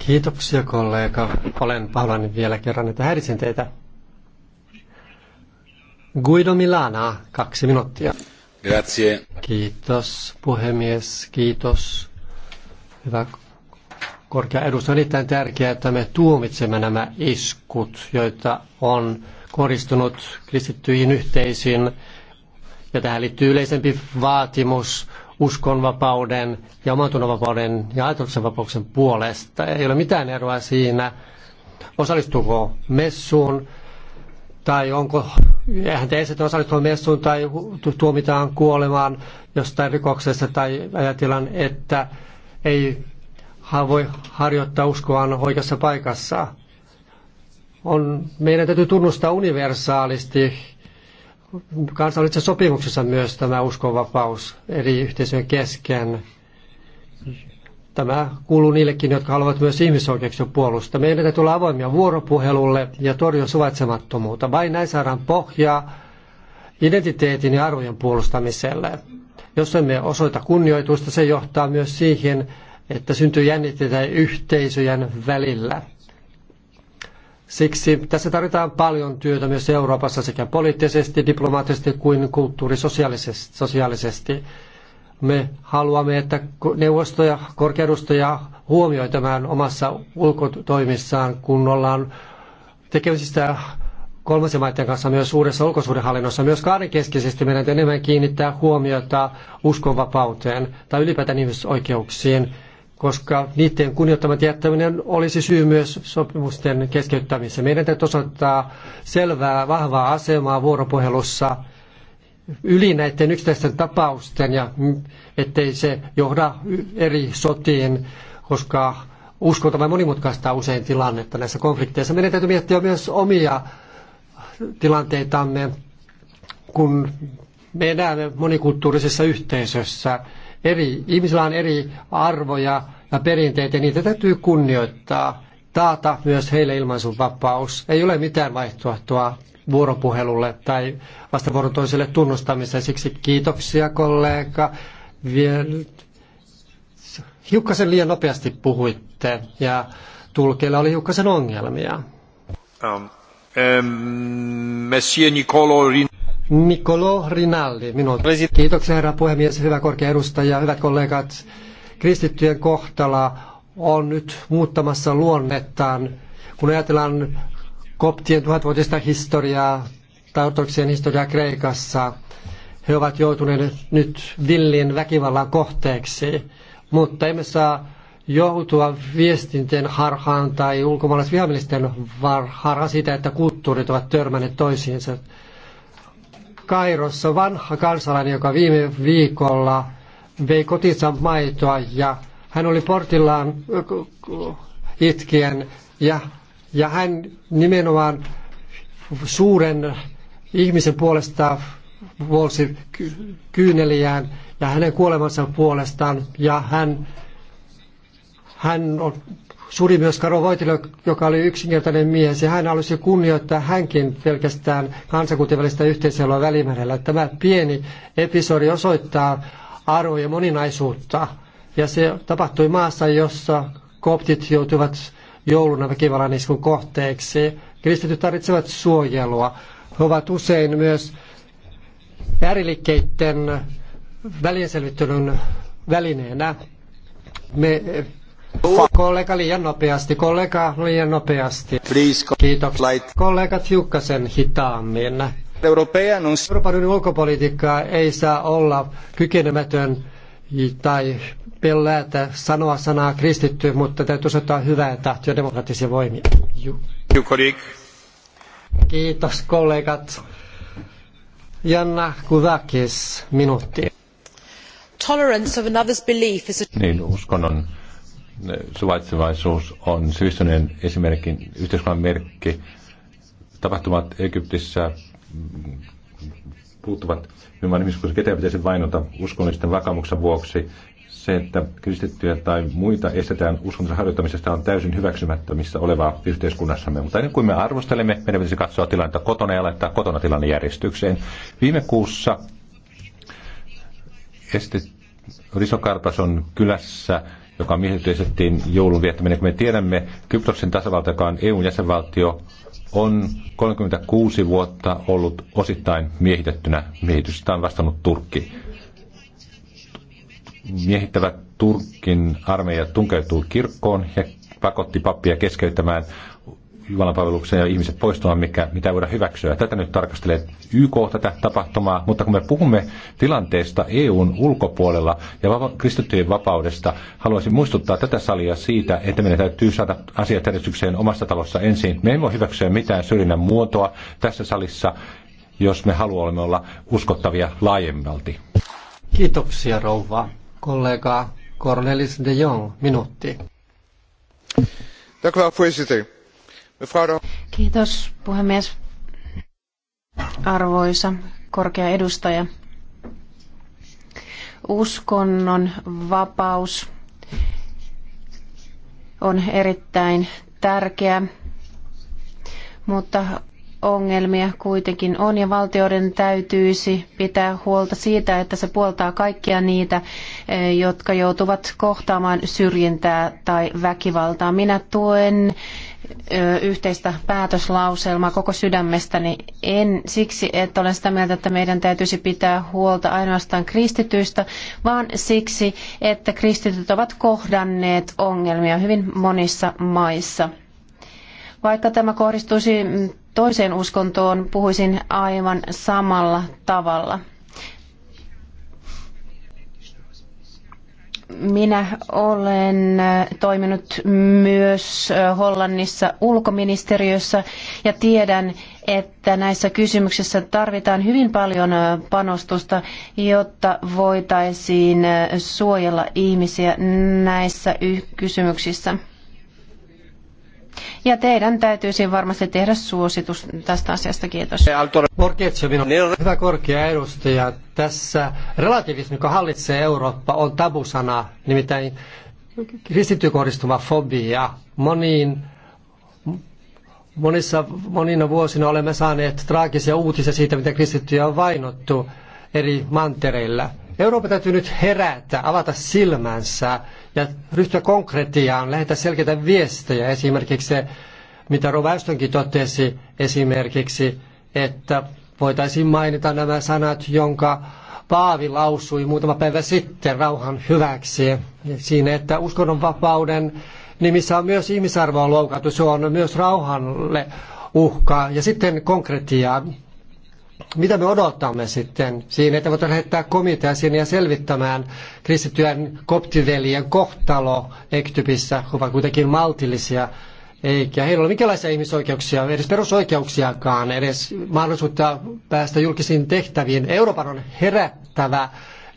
Kiitoksia kollega. Olen pahoillani vielä kerran, että häiritsin teitä. Guido Milana, kaksi minuuttia. Grazie. Kiitos puhemies, kiitos. Hyvä korkea edustaja. On erittäin tärkeää, että me tuomitsemme nämä iskut, joita on koristunut kristittyihin yhteisiin ja tähän liittyy yleisempi vaatimus uskonvapauden ja omantunnonvapauden ja ajatuksenvapauksen puolesta. Ei ole mitään eroa siinä, osallistuuko messuun tai onko, eihän te esitä osallistua messuun tai tuomitaan kuolemaan jostain rikoksesta tai ajatellaan, että ei voi harjoittaa uskoaan oikeassa paikassa. On, meidän täytyy tunnustaa universaalisti kansallisessa sopimuksessa myös tämä uskonvapaus eri yhteisöjen kesken. Tämä kuuluu niillekin, jotka haluavat myös ihmisoikeuksien puolustaa. Meidän täytyy olla avoimia vuoropuhelulle ja torjua suvaitsemattomuutta. Vain näin saadaan pohjaa identiteetin ja arvojen puolustamiselle. Jos emme osoita kunnioitusta, se johtaa myös siihen, että syntyy jännitteitä yhteisöjen välillä. Siksi tässä tarvitaan paljon työtä myös Euroopassa sekä poliittisesti, diplomaattisesti kuin kulttuurisosiaalisesti. Me haluamme, että neuvosto ja korkeudustaja huomioi tämän omassa ulkotoimissaan, kun ollaan tekemisissä kolmansien maiden kanssa myös uudessa ulkosuhdehallinnossa. Myös kahdenkeskisesti meidän enemmän kiinnittää huomiota uskonvapauteen tai ylipäätään ihmisoikeuksiin koska niiden kunnioittamat jättäminen olisi syy myös sopimusten keskeyttämiseen. Meidän täytyy osoittaa selvää, vahvaa asemaa vuoropuhelussa yli näiden yksittäisten tapausten, ja ettei se johda eri sotiin, koska uskotavan monimutkaistaa usein tilannetta näissä konflikteissa. Meidän täytyy miettiä myös omia tilanteitamme, kun me elämme monikulttuurisessa yhteisössä – eri, ihmisillä on eri arvoja ja perinteitä, niitä täytyy kunnioittaa, taata myös heille ilmaisun vapaus. Ei ole mitään vaihtoehtoa vuoropuhelulle tai toiselle tunnustamiselle. Siksi kiitoksia kollega. Viel... Hiukkasen liian nopeasti puhuitte ja tulkeilla oli hiukkasen ongelmia. Um, um, Monsieur Nicolo Rin... Nicolo Kiitoksia herra puhemies, hyvä korkea edustaja, hyvät kollegat. Kristittyjen kohtala on nyt muuttamassa luonnettaan. Kun ajatellaan koptien tuhatvuotista historiaa, tartoksien historiaa Kreikassa, he ovat joutuneet nyt villin väkivallan kohteeksi. Mutta emme saa joutua viestinten harhaan tai ulkomaalaisvihamielisten harhaan siitä, että kulttuurit ovat törmänneet toisiinsa. Kairossa vanha kansalainen, joka viime viikolla vei kotinsa maitoa ja hän oli portillaan äh, itkien ja, ja hän nimenomaan suuren ihmisen puolesta vuosi kyyneliään ja hänen kuolemansa puolestaan ja hän, hän on suri myös Karo Voitila, joka oli yksinkertainen mies, ja hän halusi kunnioittaa hänkin pelkästään kansakuntien välistä yhteiselua välimerellä. Tämä pieni episodi osoittaa ja moninaisuutta, ja se tapahtui maassa, jossa koptit joutuivat jouluna väkivallan iskun kohteeksi. Kristityt tarvitsevat suojelua. He ovat usein myös ääriliikkeiden välienselvittelyn välineenä. Me Kollega liian nopeasti, kollega liian nopeasti. Please, Kiitoksia. Light. Kollegat hiukkasen hitaammin. Euroopan unionin ulkopolitiikkaa ei saa olla kykenemätön tai pelätä sanoa sanaa kristitty, mutta täytyy osoittaa hyvää tahtoa demokraattisia voimia. Ju. Kiitos kollegat. Janna Kudakis, minuutti. Tolerance of another's belief is a... Niin, uskonnon suvaitsevaisuus on sivistyneen esimerkin yhteiskunnan merkki. Tapahtumat Egyptissä puuttuvat ilman ihmiskunnan, ketään pitäisi vainota uskonnollisten vakamuksen vuoksi. Se, että kristittyjä tai muita estetään uskonnollisen harjoittamisesta on täysin hyväksymättömissä olevaa yhteiskunnassamme. Mutta ennen kuin me arvostelemme, meidän pitäisi katsoa tilannetta kotona ja laittaa kotona tilanne järjestykseen. Viime kuussa este Risokarpason kylässä joka miehitystettiin joulun viettäminen. Kun me tiedämme, Kyproksen tasavalta, joka on EUn jäsenvaltio, on 36 vuotta ollut osittain miehitettynä. Miehitystä on vastannut Turkki. Miehittävät Turkin armeija tunkeutui kirkkoon ja pakotti pappia keskeyttämään jumalanpalvelukseen ja ihmiset poistumaan, mikä, mitä voidaan hyväksyä. Tätä nyt tarkastelee YK tätä tapahtumaa, mutta kun me puhumme tilanteesta EUn ulkopuolella ja vapa- kristittyjen vapaudesta, haluaisin muistuttaa tätä salia siitä, että meidän täytyy saada asiat järjestykseen omassa talossa ensin. Me emme voi hyväksyä mitään syrjinnän muotoa tässä salissa, jos me haluamme olla uskottavia laajemmalti. Kiitoksia rouva. Kollega Cornelis de Jong, minuutti. Dank u wel, voorzitter Kiitos puhemies. Arvoisa korkea edustaja. Uskonnon vapaus on erittäin tärkeä, mutta ongelmia kuitenkin on ja valtioiden täytyisi pitää huolta siitä, että se puoltaa kaikkia niitä, eh, jotka joutuvat kohtaamaan syrjintää tai väkivaltaa. Minä tuen eh, yhteistä päätöslauselmaa koko sydämestäni. En siksi, että olen sitä mieltä, että meidän täytyisi pitää huolta ainoastaan kristityistä, vaan siksi, että kristityt ovat kohdanneet ongelmia hyvin monissa maissa. Vaikka tämä kohdistuisi toiseen uskontoon, puhuisin aivan samalla tavalla. Minä olen toiminut myös Hollannissa ulkoministeriössä ja tiedän, että näissä kysymyksissä tarvitaan hyvin paljon panostusta, jotta voitaisiin suojella ihmisiä näissä kysymyksissä. Ja teidän täytyisi varmasti tehdä suositus tästä asiasta. Kiitos. Hyvä korkea edustaja. Tässä relativismi, joka hallitsee Eurooppa, on tabusana, nimittäin kristittyyn kohdistuva fobia. Moniin Monissa, monina vuosina olemme saaneet traagisia uutisia siitä, miten kristittyjä on vainottu eri mantereilla – Euroopan täytyy nyt herätä, avata silmänsä ja ryhtyä konkretiaan, lähettää selkeitä viestejä. Esimerkiksi se, mitä Roväystönkin totesi, esimerkiksi, että voitaisiin mainita nämä sanat, jonka Paavi lausui muutama päivä sitten rauhan hyväksi. Siinä, että uskonnonvapauden nimissä on myös ihmisarvoa loukattu, se on myös rauhalle uhka. Ja sitten konkretiaa, mitä me odotamme sitten siinä, että voitaisiin lähettää sinne ja selvittämään kristittyjen koptiveljen kohtalo Ektypissä, ovat kuitenkin maltillisia, eikä heillä ole minkälaisia ihmisoikeuksia, edes perusoikeuksiakaan, edes mahdollisuutta päästä julkisiin tehtäviin. Euroopan on herättävä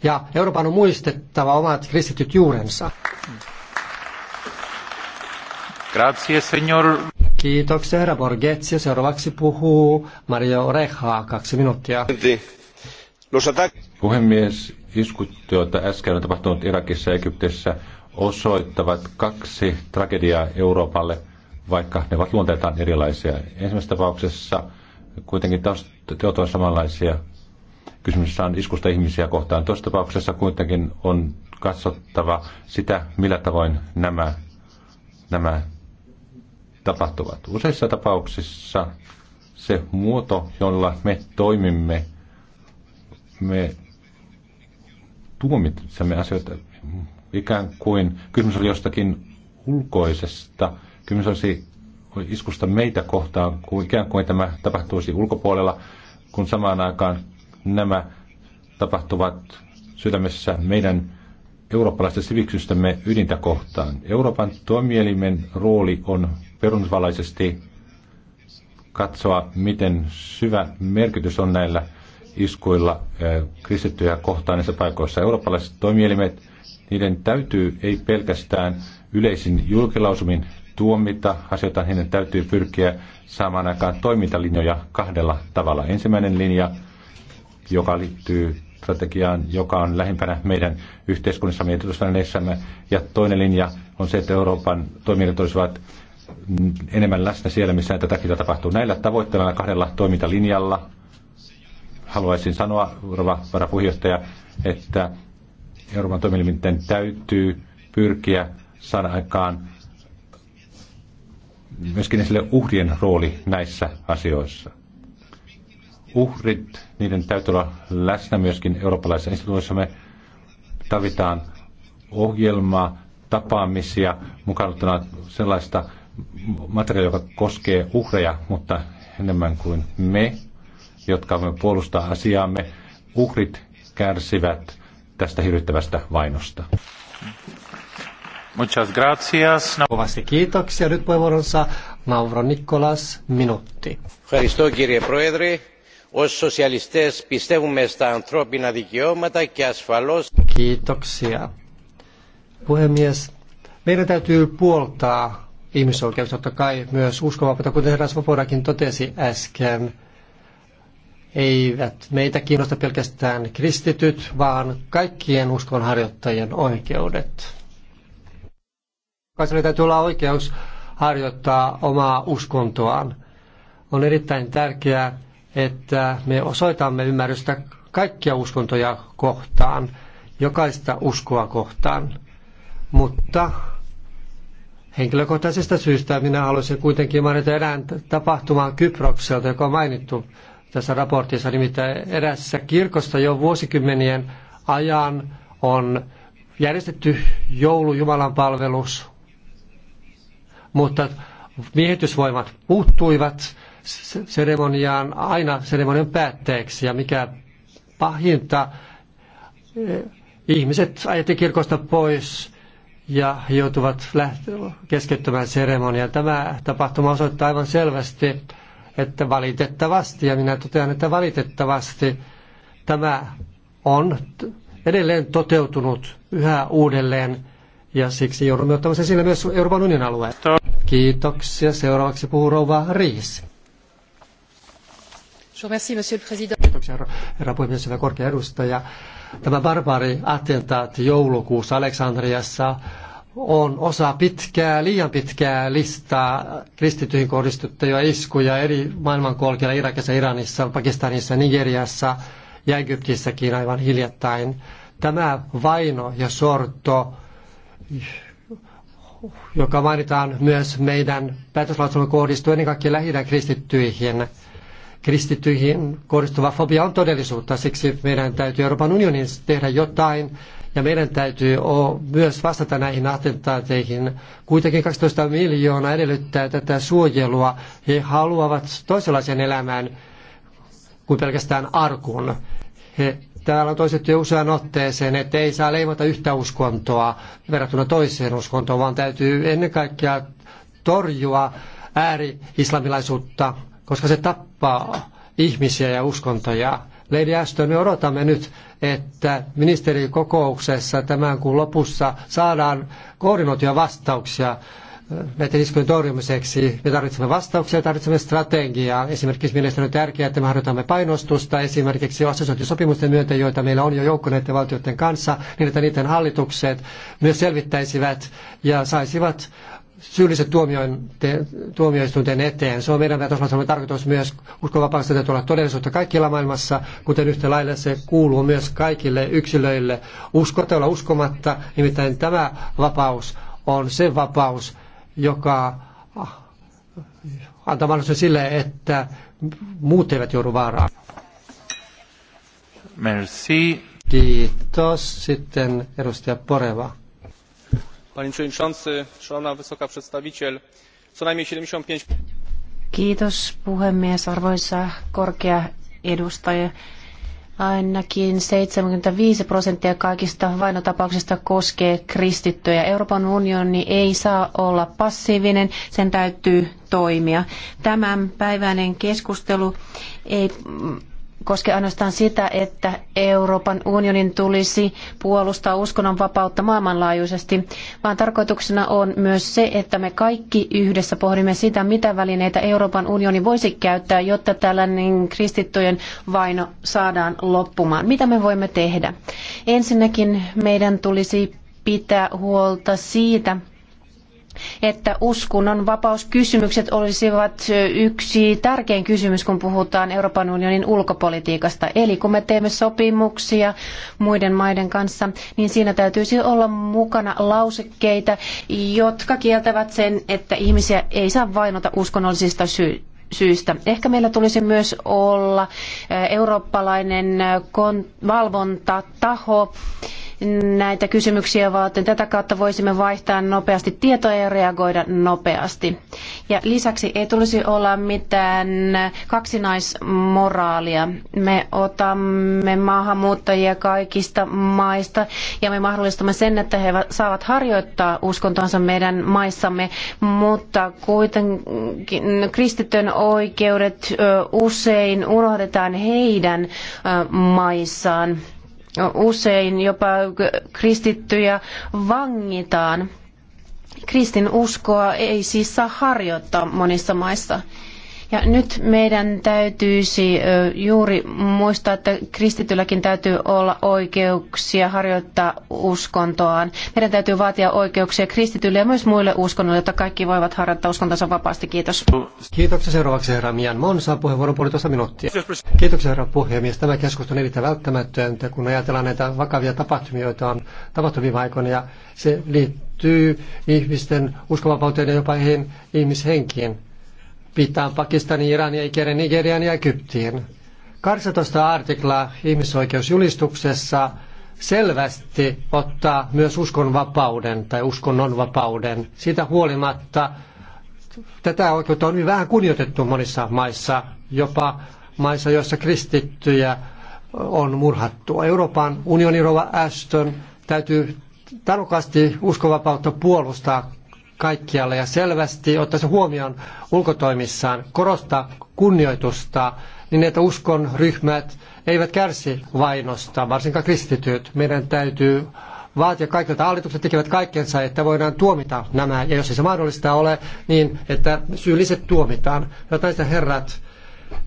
ja Euroopan on muistettava omat kristityt juurensa. Grazie, signor. Kiitoksia, herra Borgetsi. Seuraavaksi puhuu Mario Rehaa. Kaksi minuuttia. Puhemies, iskut, joita äsken on tapahtunut Irakissa ja Egyptissä, osoittavat kaksi tragediaa Euroopalle, vaikka ne ovat luonteeltaan erilaisia. Ensimmäisessä tapauksessa kuitenkin taas teot ovat samanlaisia. Kysymys on iskusta ihmisiä kohtaan. Toisessa tapauksessa kuitenkin on katsottava sitä, millä tavoin nämä, nämä tapahtuvat. Useissa tapauksissa se muoto, jolla me toimimme, me tuomitsemme asioita ikään kuin kysymys oli jostakin ulkoisesta, kysymys olisi iskusta meitä kohtaan, kuin ikään kuin tämä tapahtuisi ulkopuolella, kun samaan aikaan nämä tapahtuvat sydämessä meidän eurooppalaista sivistyksestämme ydintä kohtaan. Euroopan toimielimen rooli on perusvalaisesti katsoa, miten syvä merkitys on näillä iskuilla eh, kristittyjä kohtaan näissä paikoissa. Eurooppalaiset toimielimet, niiden täytyy ei pelkästään yleisin julkilausumin tuomita asioita, heidän täytyy pyrkiä saamaan aikaan toimintalinjoja kahdella tavalla. Ensimmäinen linja, joka liittyy strategiaan, joka on lähimpänä meidän yhteiskunnassamme ja Ja toinen linja on se, että Euroopan toimijat olisivat enemmän läsnä siellä, missä tätäkin tapahtuu. Näillä tavoitteilla kahdella toimintalinjalla haluaisin sanoa, rova varapuheenjohtaja, että Euroopan toimielimien täytyy pyrkiä saada aikaan myöskin esille uhrien rooli näissä asioissa. Uhrit, niiden täytyy olla läsnä myöskin eurooppalaisissa instituutioissa. Me tarvitaan ohjelmaa, tapaamisia, mukaan sellaista materiaali, joka koskee uhreja, mutta enemmän kuin me, jotka me puolustaa asiaamme, uhrit kärsivät tästä hirvittävästä vainosta. Muchas gracias. Kovasti kiitoksia. Nyt puheenvuoronsa Mauro Nikolas, minuutti. Ευχαριστώ κύριε Πρόεδρε. Ως σοσιαλιστές πιστεύουμε στα ανθρώπινα δικαιώματα και ασφαλώς... Kiitoksia. Puhemies, meidän täytyy puoltaa ihmisoikeus, totta kai myös uskonvapautta, kuten herra Svobodakin totesi äsken. Eivät meitä kiinnosta pelkästään kristityt, vaan kaikkien uskonharjoittajien oikeudet. Jokaisella täytyy olla oikeus harjoittaa omaa uskontoaan. On erittäin tärkeää, että me osoitamme ymmärrystä kaikkia uskontoja kohtaan, jokaista uskoa kohtaan. Mutta Henkilökohtaisesta syystä minä haluaisin kuitenkin mainita erään tapahtuman Kyprokselta, joka on mainittu tässä raportissa. Nimittäin erässä kirkosta jo vuosikymmenien ajan on järjestetty joulu Jumalan palvelus, mutta miehitysvoimat puuttuivat seremoniaan aina seremonian päätteeksi ja mikä pahinta, eh, ihmiset ajettiin kirkosta pois ja joutuvat keskeyttämään seremonian. Tämä tapahtuma osoittaa aivan selvästi, että valitettavasti, ja minä totean, että valitettavasti tämä on edelleen toteutunut yhä uudelleen, ja siksi joudumme ottamaan esille myös Euroopan unionin alueen. Kiitoksia. Seuraavaksi puhuu rouva Riis. Kiitoksia, herra puhemies, hyvä korkea edustaja. Tämä barbaariattentaatti joulukuussa Aleksandriassa on osa pitkää, liian pitkää listaa kristityihin kohdistuttuja iskuja eri maailmankolkilla Irakissa, Iranissa, Pakistanissa, Nigeriassa ja Egyptissäkin aivan hiljattain. Tämä vaino ja sorto, joka mainitaan myös meidän päätöslauselmamme kohdistuu ennen kaikkea lähi kristittyihin, kristittyihin kohdistuva fobia on todellisuutta. Siksi meidän täytyy Euroopan unionin tehdä jotain ja meidän täytyy myös vastata näihin attentaateihin. Kuitenkin 12 miljoonaa edellyttää tätä suojelua. He haluavat toisenlaisen elämään kuin pelkästään arkun. He, täällä on toistettu jo usean otteeseen, että ei saa leimata yhtä uskontoa verrattuna toiseen uskontoon, vaan täytyy ennen kaikkea torjua ääri-islamilaisuutta koska se tappaa ihmisiä ja uskontoja. Lady Ashton, me odotamme nyt, että ministerikokouksessa tämän kuun lopussa saadaan koordinoituja vastauksia äh, näiden iskujen torjumiseksi. Me tarvitsemme vastauksia, tarvitsemme strategiaa. Esimerkiksi mielestäni on tärkeää, että me harjoitamme painostusta esimerkiksi assosiointisopimusten myötä, joita meillä on jo joukko näiden valtioiden kanssa, niin että niiden hallitukset myös selvittäisivät ja saisivat syylliset tuomioistuinten eteen. Se on meidän vetoslaisemme tarkoitus myös. Uskonvapaus täytyy olla todellisuutta kaikkialla maailmassa, kuten yhtä lailla se kuuluu myös kaikille yksilöille. Uskota olla uskomatta, nimittäin tämä vapaus on se vapaus, joka ah, antaa mahdollisuuden sille, että muut eivät joudu vaaraan. Merci. Kiitos. Sitten edustaja Poreva. Panie przewodniczący, szanowna wysoka przedstawiciel, co najmniej siedemdziesiąt pięć Ainakin 75 prosenttia kaikista vainotapauksista koskee kristittyjä. Euroopan unioni ei saa olla passiivinen, sen täytyy toimia. Tämän päiväinen keskustelu ei koske ainoastaan sitä, että Euroopan unionin tulisi puolustaa uskonnonvapautta maailmanlaajuisesti, vaan tarkoituksena on myös se, että me kaikki yhdessä pohdimme sitä, mitä välineitä Euroopan unioni voisi käyttää, jotta tällainen kristittyjen vaino saadaan loppumaan. Mitä me voimme tehdä? Ensinnäkin meidän tulisi pitää huolta siitä, että uskonnon vapauskysymykset olisivat yksi tärkein kysymys, kun puhutaan Euroopan unionin ulkopolitiikasta. Eli kun me teemme sopimuksia muiden maiden kanssa, niin siinä täytyisi olla mukana lausekkeita, jotka kieltävät sen, että ihmisiä ei saa vainota uskonnollisista syistä syistä. Ehkä meillä tulisi myös olla eurooppalainen valvontataho, näitä kysymyksiä varten. Tätä kautta voisimme vaihtaa nopeasti tietoja ja reagoida nopeasti. Ja lisäksi ei tulisi olla mitään kaksinaismoraalia. Me otamme maahanmuuttajia kaikista maista ja me mahdollistamme sen, että he saavat harjoittaa uskontonsa meidän maissamme, mutta kuitenkin kristityn oikeudet usein unohdetaan heidän maissaan. Usein jopa kristittyjä vangitaan. Kristin uskoa ei siis saa harjoittaa monissa maissa. Ja nyt meidän täytyisi juuri muistaa, että kristityilläkin täytyy olla oikeuksia harjoittaa uskontoaan. Meidän täytyy vaatia oikeuksia kristityille ja myös muille uskonnoille, jotta kaikki voivat harjoittaa uskontonsa vapaasti. Kiitos. Kiitoksia seuraavaksi herra Mian Monsa, puheenvuoron puolitoista minuuttia. Kiitoksia herra puhemies. Tämä keskustelu on erittäin välttämätöntä, kun ajatellaan näitä vakavia tapahtumia, joita on tapahtunut viime aikoina ja se liittyy ihmisten uskonvapauteen ja jopa ihmishenkiin viittaan Pakistanin, Iranin, Ikerian, Nigerian ja Egyptiin. 18 artiklaa ihmisoikeusjulistuksessa selvästi ottaa myös uskonvapauden tai uskonnonvapauden. Siitä huolimatta tätä oikeutta on hyvin vähän kunnioitettu monissa maissa, jopa maissa, joissa kristittyjä on murhattu. Euroopan unionin rova Ashton täytyy tarkasti uskonvapautta puolustaa kaikkialla ja selvästi ottaisi huomioon ulkotoimissaan, korostaa kunnioitusta niin, että uskon ryhmät eivät kärsi vainosta, varsinkaan kristityt. Meidän täytyy vaatia kaikilta hallitukset tekevät kaikkensa, että voidaan tuomita nämä, ja jos ei se mahdollista ole, niin että syylliset tuomitaan. Hyvät naiset herrat,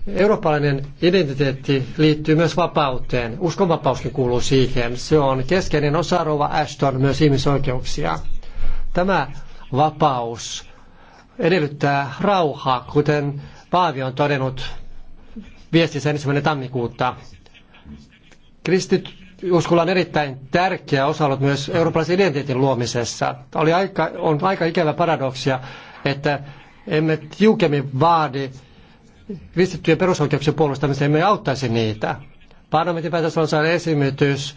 Eurooppalainen identiteetti liittyy myös vapauteen. Uskonvapauskin kuuluu siihen. Se on keskeinen osa Rova Ashton myös ihmisoikeuksia. Tämä vapaus edellyttää rauhaa, kuten Paavi on todennut viestissä ensimmäinen tammikuuta. Kristit on erittäin tärkeä osa ollut myös eurooppalaisen identiteetin luomisessa. Oli aika, on aika ikävä paradoksia, että emme tiukemmin vaadi kristittyjen perusoikeuksien puolustamista, emme auttaisi niitä. Parlamentin päätös on saada esimytys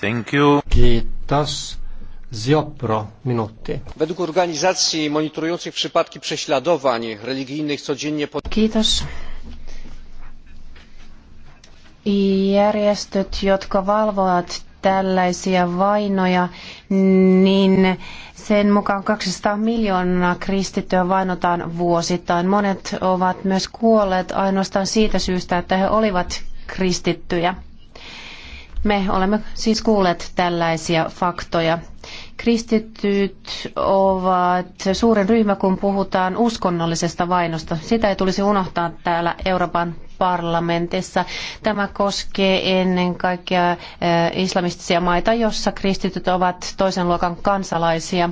Thank you. Kiitos. Ziopro, minuutti. Według organizacji monitorujących przypadki prześladowań religijnych codziennie... Kiitos. Järjestöt, jotka valvovat tällaisia vainoja, niin sen mukaan 200 miljoonaa kristittyä vainotaan vuosittain. Monet ovat myös kuolleet ainoastaan siitä syystä, että he olivat kristittyjä. Me olemme siis kuulleet tällaisia faktoja. Kristityt ovat suuren ryhmä, kun puhutaan uskonnollisesta vainosta. Sitä ei tulisi unohtaa täällä Euroopan parlamentissa. Tämä koskee ennen kaikkea eh, islamistisia maita, jossa kristityt ovat toisen luokan kansalaisia.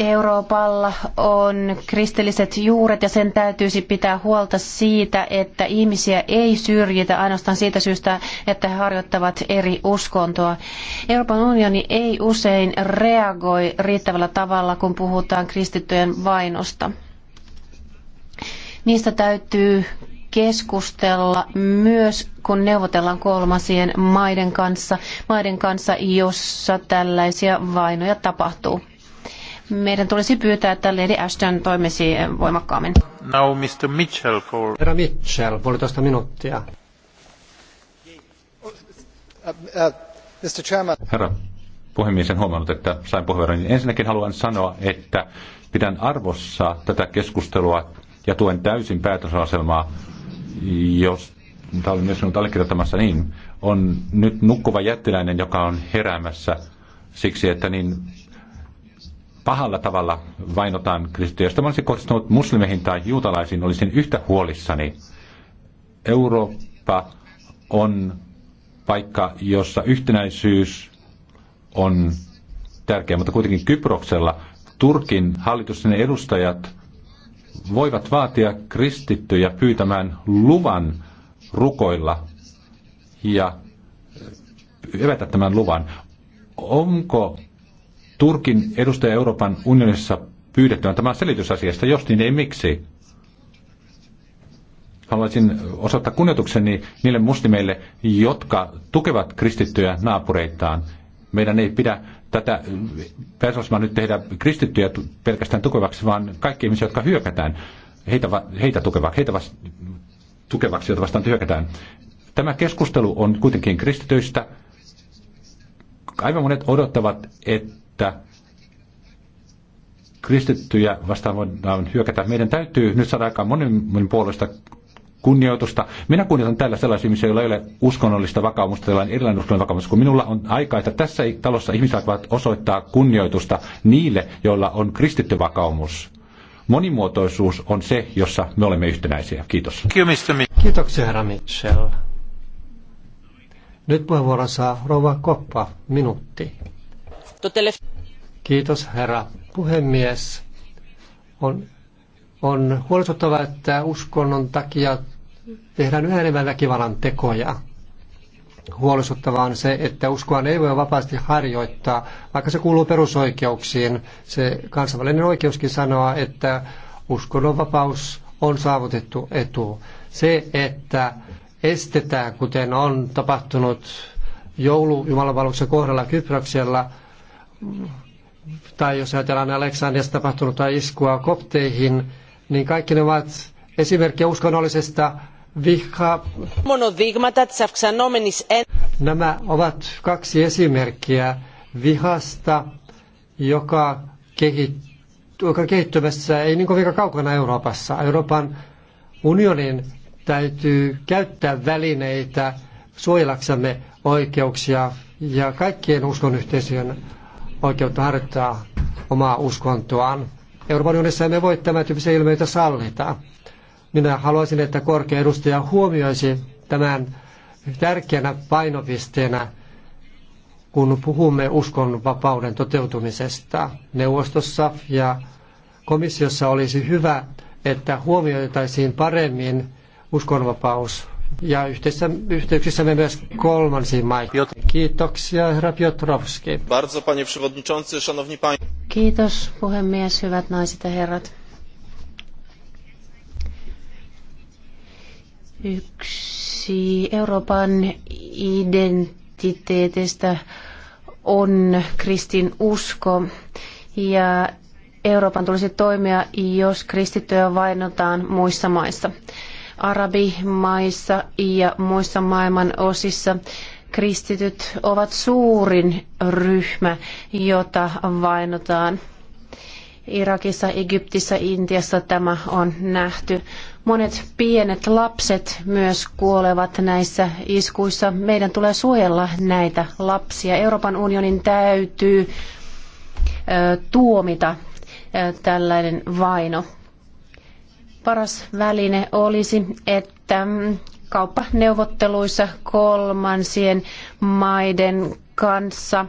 Euroopalla on kristilliset juuret ja sen täytyisi pitää huolta siitä, että ihmisiä ei syrjitä ainoastaan siitä syystä, että he harjoittavat eri uskontoa. Euroopan unioni ei usein reagoi riittävällä tavalla, kun puhutaan kristittyjen vainosta. Niistä täytyy keskustella myös, kun neuvotellaan kolmasien maiden kanssa, maiden kanssa, jossa tällaisia vainoja tapahtuu meidän tulisi pyytää, että Lady Ashton toimisi voimakkaammin. Now Mr. Mitchell for... Herra Mitchell, puolitoista minuuttia. Uh, uh, Mr. Herra puhemies, en huomannut, että sain puheenvuoron. Ensinnäkin haluan sanoa, että pidän arvossa tätä keskustelua ja tuen täysin päätösasemaa, jos tämä oli myös minut allekirjoittamassa niin, on nyt nukkuva jättiläinen, joka on heräämässä siksi, että niin pahalla tavalla vainotaan kristittyjä. Jos tämä olisi kohdistunut muslimeihin tai juutalaisiin, olisin yhtä huolissani. Eurooppa on paikka, jossa yhtenäisyys on tärkeä, mutta kuitenkin Kyproksella Turkin hallituksen edustajat voivat vaatia kristittyjä pyytämään luvan rukoilla ja evätä tämän luvan. Onko Turkin edustaja Euroopan unionissa pyydettyä tämän selitysasiasta, jos niin ei miksi. Haluaisin osoittaa kunnioitukseni niille muslimeille, jotka tukevat kristittyjä naapureitaan. Meidän ei pidä tätä persoonallisemmin nyt tehdä kristittyjä pelkästään tukevaksi, vaan kaikki ihmiset, jotka hyökätään, heitä, heitä tukevaksi, heitä vast, tukevaksi, joita vastaan hyökätään. Tämä keskustelu on kuitenkin kristityistä. Aivan monet odottavat, että että kristittyjä vastaan voidaan hyökätä. Meidän täytyy nyt saada aikaan monen puolesta kunnioitusta. Minä kunnioitan täällä sellaisia ihmisiä, joilla ei ole uskonnollista vakaumusta, tällainen erilainen uskonnollinen vakaumus, kun minulla on aika, että tässä talossa ihmiset alkavat osoittaa kunnioitusta niille, joilla on kristitty vakaumus. Monimuotoisuus on se, jossa me olemme yhtenäisiä. Kiitos. Kiitoksia, herra Mitchell. Nyt puheenvuoron saa Rova Koppa, minuutti. Kiitos herra puhemies. On, on huolestuttavaa, että uskonnon takia tehdään yhä enemmän väkivallan tekoja. Huolestuttavaa on se, että uskoa ei voi vapaasti harjoittaa, vaikka se kuuluu perusoikeuksiin. Se kansainvälinen oikeuskin sanoo, että uskonnonvapaus on saavutettu etu. Se, että estetään, kuten on tapahtunut joulujumalanvalvoksen kohdalla Kyproksella, tai jos ajatellaan Aleksandriassa tapahtunutta iskua kopteihin, niin kaikki ne ovat esimerkkejä uskonnollisesta vihaa. Nämä ovat kaksi esimerkkiä vihasta, joka, kehittyy, joka kehittymässä ei niin kovin kaukana Euroopassa. Euroopan unionin täytyy käyttää välineitä suojelaksemme oikeuksia ja kaikkien uskonyhteisöjen oikeutta harjoittaa omaa uskontoaan. Euroopan unionissa emme voi tämän tyyppisiä ilmiöitä sallita. Minä haluaisin, että korkea edustaja huomioisi tämän tärkeänä painopisteenä, kun puhumme uskonvapauden toteutumisesta neuvostossa ja komissiossa olisi hyvä, että huomioitaisiin paremmin uskonvapaus ja yhteisissä, yhteyksissä me myös kolmansiin maihin. Kiitoksia, herra Piotrowski. Bardzo, panie przewodniczący, szanowni panie. Kiitos, puhemies, hyvät naiset ja herrat. Yksi Euroopan identiteetistä on kristin usko ja Euroopan tulisi toimia, jos kristittyä vainotaan muissa maissa. Arabimaissa ja muissa maailman osissa kristityt ovat suurin ryhmä, jota vainotaan. Irakissa, Egyptissä, Intiassa tämä on nähty. Monet pienet lapset myös kuolevat näissä iskuissa. Meidän tulee suojella näitä lapsia. Euroopan unionin täytyy tuomita tällainen vaino paras väline olisi, että kauppaneuvotteluissa kolmansien maiden kanssa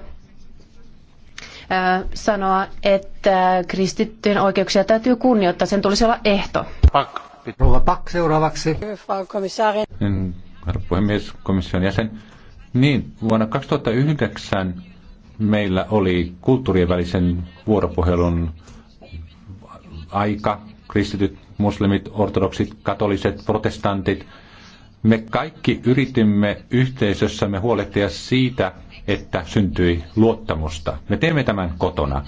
sanoa, että kristittyjen oikeuksia täytyy kunnioittaa. Sen tulisi olla ehto. Pak. Rouva Pak seuraavaksi. Niin, herra puhemies, komission jäsen. Niin, vuonna 2009 meillä oli kulttuurien välisen vuoropuhelun aika. Kristityt muslimit, ortodoksit, katoliset, protestantit. Me kaikki yritimme yhteisössämme huolehtia siitä, että syntyi luottamusta. Me teemme tämän kotona.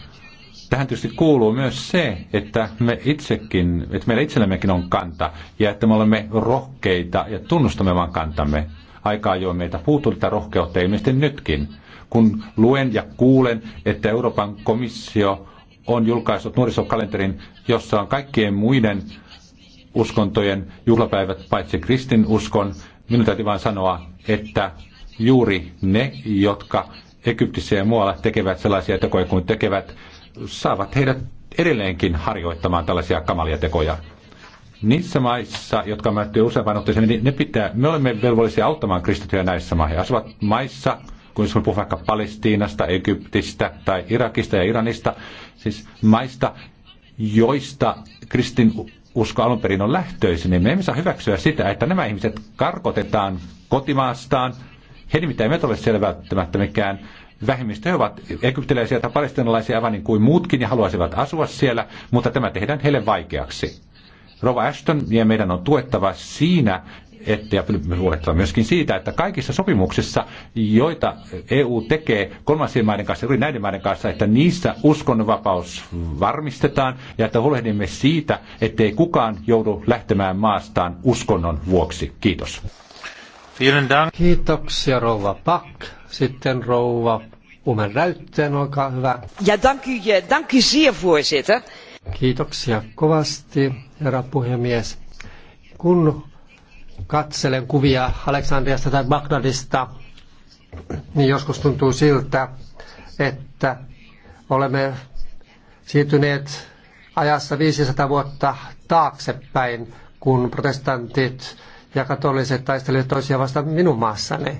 Tähän tietysti kuuluu myös se, että me itsekin, että meillä itsellämmekin on kanta ja että me olemme rohkeita ja tunnustamme vaan kantamme. Aikaa jo meitä puuttuu tätä rohkeutta ilmeisesti nytkin. Kun luen ja kuulen, että Euroopan komissio on julkaissut nuorisokalenterin, jossa on kaikkien muiden uskontojen juhlapäivät, paitsi kristinuskon. Minun täytyy vain sanoa, että juuri ne, jotka Egyptissä ja muualla tekevät sellaisia tekoja kuin tekevät, saavat heidät edelleenkin harjoittamaan tällaisia kamalia tekoja. Niissä maissa, jotka mä useampaan otteeseen, niin ne pitää, me olemme velvollisia auttamaan kristittyjä näissä maissa. He asuvat maissa, kun jos me vaikka Palestiinasta, Egyptistä tai Irakista ja Iranista, siis maista, joista kristin usko alun perin on lähtöisin, niin me emme saa hyväksyä sitä, että nämä ihmiset karkotetaan kotimaastaan. He nimittäin eivät ole siellä välttämättä mikään vähemmistö. He ovat egyptiläisiä tai palestinalaisia aivan niin kuin muutkin ja haluaisivat asua siellä, mutta tämä tehdään heille vaikeaksi. Rova Ashton ja meidän on tuettava siinä, että, ja huolehtiva myöskin siitä, että kaikissa sopimuksissa, joita EU tekee kolmansien maiden kanssa, juuri näiden maiden kanssa, että niissä uskonnonvapaus varmistetaan ja että huolehdimme siitä, ettei kukaan joudu lähtemään maastaan uskonnon vuoksi. Kiitos. Kiitoksia rouva Pak. Sitten rouva Umen Räytteen, olkaa hyvä. Ja danki ja danki Kiitoksia kovasti, herra puhemies. Kun katselen kuvia Aleksandriasta tai Bagdadista, niin joskus tuntuu siltä, että olemme siirtyneet ajassa 500 vuotta taaksepäin, kun protestantit ja katoliset taistelivat toisia vastaan minun maassani.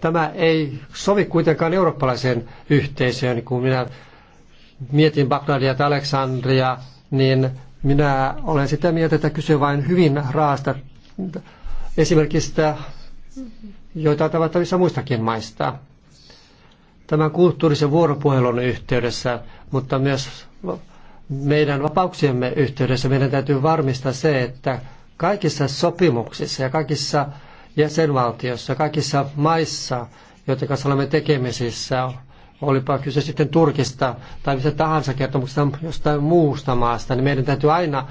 Tämä ei sovi kuitenkaan eurooppalaiseen yhteisöön. Kun minä mietin Bagdadia tai Aleksandria, niin minä olen sitä mieltä, että kyse vain hyvin raasta esimerkistä, joita on tavattavissa muistakin maista. Tämän kulttuurisen vuoropuhelun yhteydessä, mutta myös meidän vapauksiemme yhteydessä meidän täytyy varmistaa se, että kaikissa sopimuksissa ja kaikissa jäsenvaltioissa, kaikissa maissa, joiden kanssa olemme tekemisissä, olipa kyse sitten Turkista tai mistä tahansa kertomuksesta jostain muusta maasta, niin meidän täytyy aina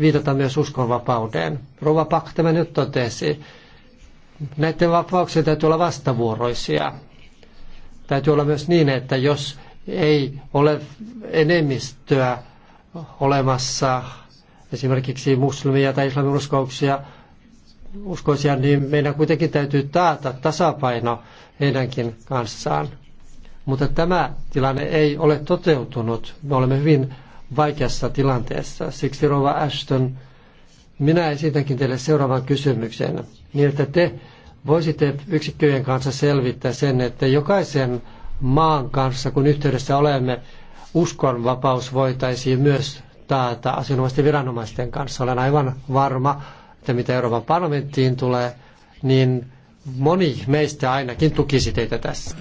viitata myös uskonvapauteen. Rova Pak tämä nyt totesi. Näiden vapauksien täytyy olla vastavuoroisia. Täytyy olla myös niin, että jos ei ole enemmistöä olemassa, esimerkiksi muslimia tai islaminuskouksia, uskoisia, niin meidän kuitenkin täytyy taata tasapaino heidänkin kanssaan. Mutta tämä tilanne ei ole toteutunut. Me olemme hyvin vaikeassa tilanteessa. Siksi Rova Ashton, minä esitänkin teille seuraavan kysymyksen, niin että te voisitte yksikköjen kanssa selvittää sen, että jokaisen maan kanssa, kun yhteydessä olemme, uskonvapaus voitaisiin myös taata asianomaisten viranomaisten kanssa. Olen aivan varma, että mitä Euroopan parlamenttiin tulee, niin moni meistä ainakin tukisi teitä tässä.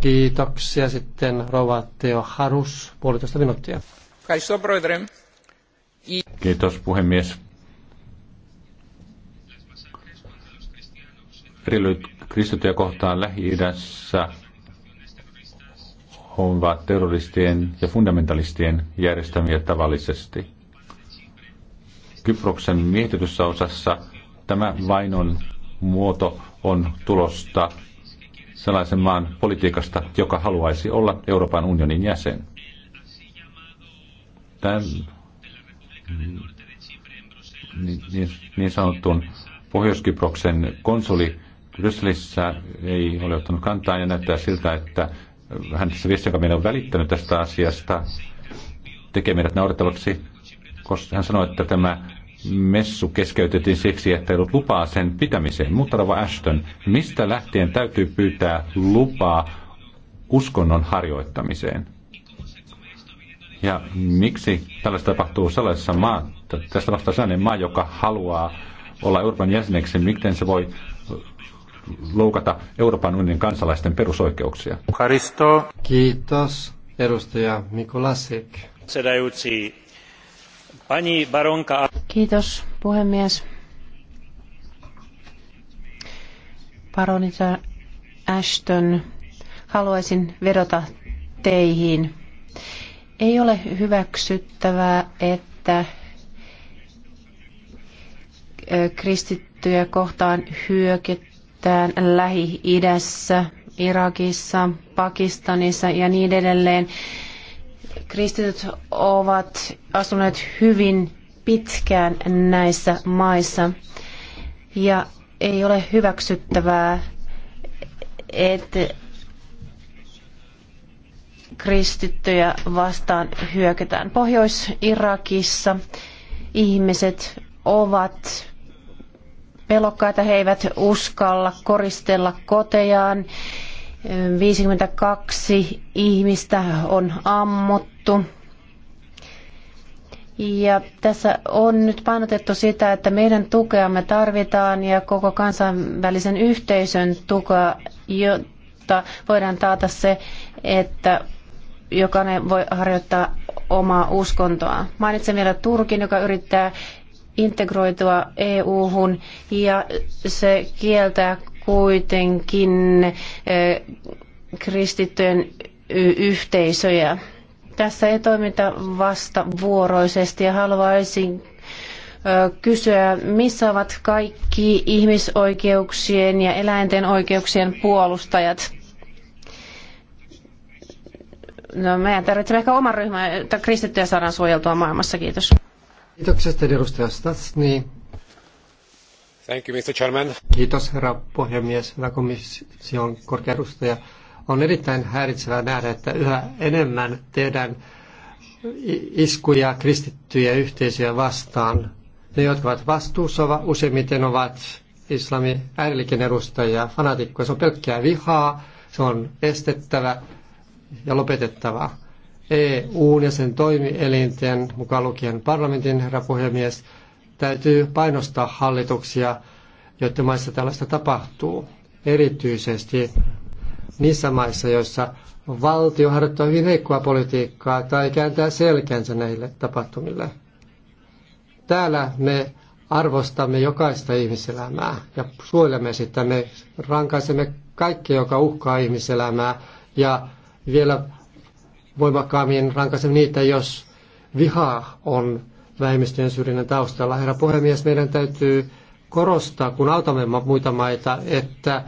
Kiitoksia sitten rouva Teo Harus, puolitoista minuuttia. Kiitos puhemies. Rilyt kristittyjä kohtaan Lähi-idässä ovat terroristien ja fundamentalistien järjestämiä tavallisesti. Kyproksen miehitetyssä osassa tämä vainon muoto on tulosta sellaisen maan politiikasta, joka haluaisi olla Euroopan unionin jäsen tämän niin, niin, niin sanotun Pohjois-Kyproksen konsuli Brysselissä ei ole ottanut kantaa ja näyttää siltä, että hän tässä viestin, joka meidän on välittänyt tästä asiasta, tekee meidät naurettavaksi, koska hän sanoi, että tämä messu keskeytettiin siksi, että ei ollut lupaa sen pitämiseen. Mutta Rova Ashton, mistä lähtien täytyy pyytää lupaa uskonnon harjoittamiseen? Ja miksi tällaista tapahtuu sellaisessa maa, tästä vastaa sellainen maa, joka haluaa olla Euroopan jäseneksi, miten se voi loukata Euroopan unionin kansalaisten perusoikeuksia? Karisto. Kiitos, edustaja Mikulasik. Pani Baronka. Kiitos, puhemies. Baronita Ashton, haluaisin vedota teihin. Ei ole hyväksyttävää, että kristittyjä kohtaan hyökyttään Lähi-idässä, Irakissa, Pakistanissa ja niin edelleen. Kristityt ovat asuneet hyvin pitkään näissä maissa ja ei ole hyväksyttävää, että kristittyjä vastaan hyökätään. Pohjois-Irakissa ihmiset ovat pelokkaita, he eivät uskalla koristella kotejaan. 52 ihmistä on ammuttu. Ja tässä on nyt painotettu sitä, että meidän tukeamme tarvitaan ja koko kansainvälisen yhteisön tukea, jotta voidaan taata se, että jokainen voi harjoittaa omaa uskontoa. Mainitsen vielä Turkin, joka yrittää integroitua EU-hun ja se kieltää kuitenkin e, kristittyjen yhteisöjä. Tässä ei toimita vuoroisesti ja haluaisin e, kysyä, missä ovat kaikki ihmisoikeuksien ja eläinten oikeuksien puolustajat. No, meidän tarvitsemme ehkä oman ryhmän, että kristittyjä saadaan suojeltua maailmassa. Kiitos. Kiitoksesta edustaja Statsni. Thank you, Mr. Chairman. Kiitos herra puhemies, hyvä komission korkea On erittäin häiritsevää nähdä, että yhä enemmän tehdään iskuja kristittyjä yhteisöjä vastaan. Ne, jotka ovat vastuussa, useimmiten ovat islamin äärilikin edustajia, fanaatikkoja. Se on pelkkää vihaa, se on estettävä ja lopetettava. EU ja sen toimielinten, mukaan lukien parlamentin herra puhemies, täytyy painostaa hallituksia, joiden maissa tällaista tapahtuu. Erityisesti niissä maissa, joissa valtio harjoittaa hyvin heikkoa politiikkaa tai kääntää selkänsä näille tapahtumille. Täällä me arvostamme jokaista ihmiselämää ja suojelemme sitä. Me rankaisemme kaikkea, joka uhkaa ihmiselämää ja vielä voimakkaammin rankaisen niitä, jos viha on vähemmistöjen syrjinnän taustalla. Herra puhemies, meidän täytyy korostaa, kun autamme muita maita, että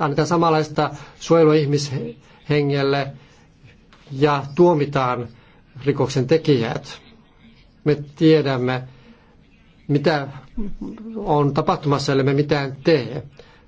annetaan samanlaista suojelua ihmishengelle ja tuomitaan rikoksen tekijät. Me tiedämme, mitä on tapahtumassa, ellei me mitään tee.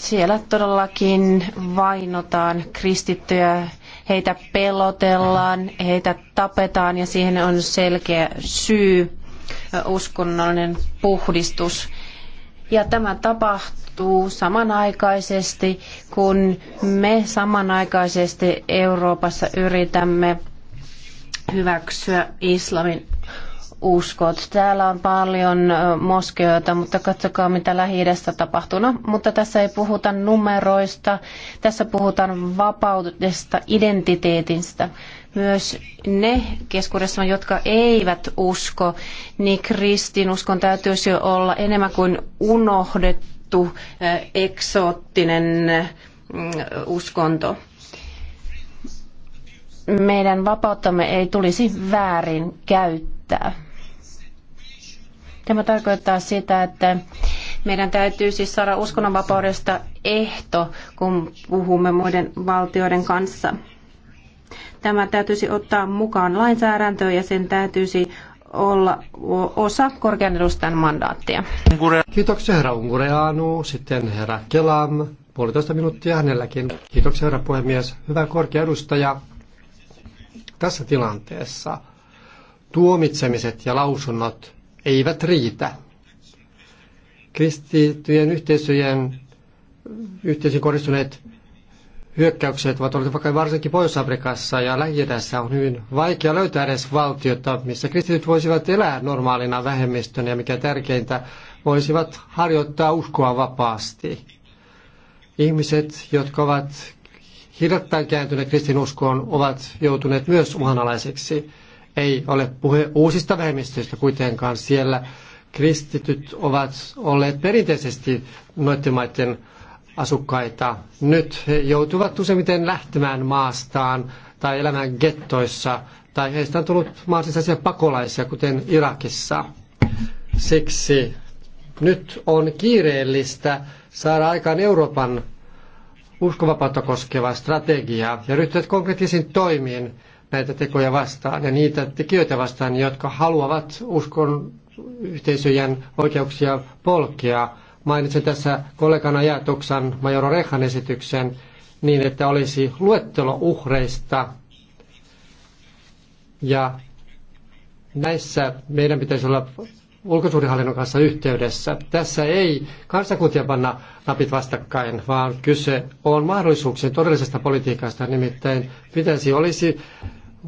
Siellä todellakin vainotaan kristittyjä, heitä pelotellaan, heitä tapetaan ja siihen on selkeä syy, uskonnollinen puhdistus. Ja tämä tapahtuu samanaikaisesti, kun me samanaikaisesti Euroopassa yritämme hyväksyä islamin uskot. Täällä on paljon moskeoita, mutta katsokaa mitä lähi tapahtuu. No, mutta tässä ei puhuta numeroista, tässä puhutaan vapaudesta, identiteetistä. Myös ne keskuudessa, jotka eivät usko, niin kristinuskon täytyisi olla enemmän kuin unohdettu, eksoottinen mm, uskonto meidän vapauttamme ei tulisi väärin käyttää. Tämä tarkoittaa sitä, että meidän täytyy siis saada uskonnonvapaudesta ehto, kun puhumme muiden valtioiden kanssa. Tämä täytyisi ottaa mukaan lainsäädäntöön ja sen täytyisi olla osa korkean edustajan mandaattia. Kiitoksia herra Ungureanu, sitten herra Kelam, puolitoista minuuttia hänelläkin. Kiitoksia herra puhemies, hyvä korkea edustaja. Tässä tilanteessa tuomitsemiset ja lausunnot eivät riitä. Kristittyjen yhteisöjen yhteisön kohdistuneet hyökkäykset ovat olleet vaikka varsinkin Pohjois-Afrikassa ja lähi on hyvin vaikea löytää edes valtiota, missä kristityt voisivat elää normaalina vähemmistönä ja mikä tärkeintä, voisivat harjoittaa uskoa vapaasti. Ihmiset, jotka ovat hiljattain kääntyneet kristinuskoon, ovat joutuneet myös uhanalaiseksi. Ei ole puhe uusista vähemmistöistä kuitenkaan siellä. Kristityt ovat olleet perinteisesti noiden maiden asukkaita. Nyt he joutuvat useimmiten lähtemään maastaan tai elämään gettoissa, tai heistä on tullut maan sisäisiä pakolaisia, kuten Irakissa. Siksi nyt on kiireellistä saada aikaan Euroopan uskovapautta koskeva strategia ja ryhtyä konkreettisiin toimiin, näitä tekoja vastaan ja niitä tekijöitä vastaan, jotka haluavat uskon yhteisöjen oikeuksia polkea. Mainitsen tässä kollegan ajatuksen Majoro Rehan esityksen niin, että olisi luettelo uhreista ja näissä meidän pitäisi olla ulkosuurihallinnon kanssa yhteydessä. Tässä ei kansakuntia panna napit vastakkain, vaan kyse on mahdollisuuksien todellisesta politiikasta. Nimittäin pitäisi olisi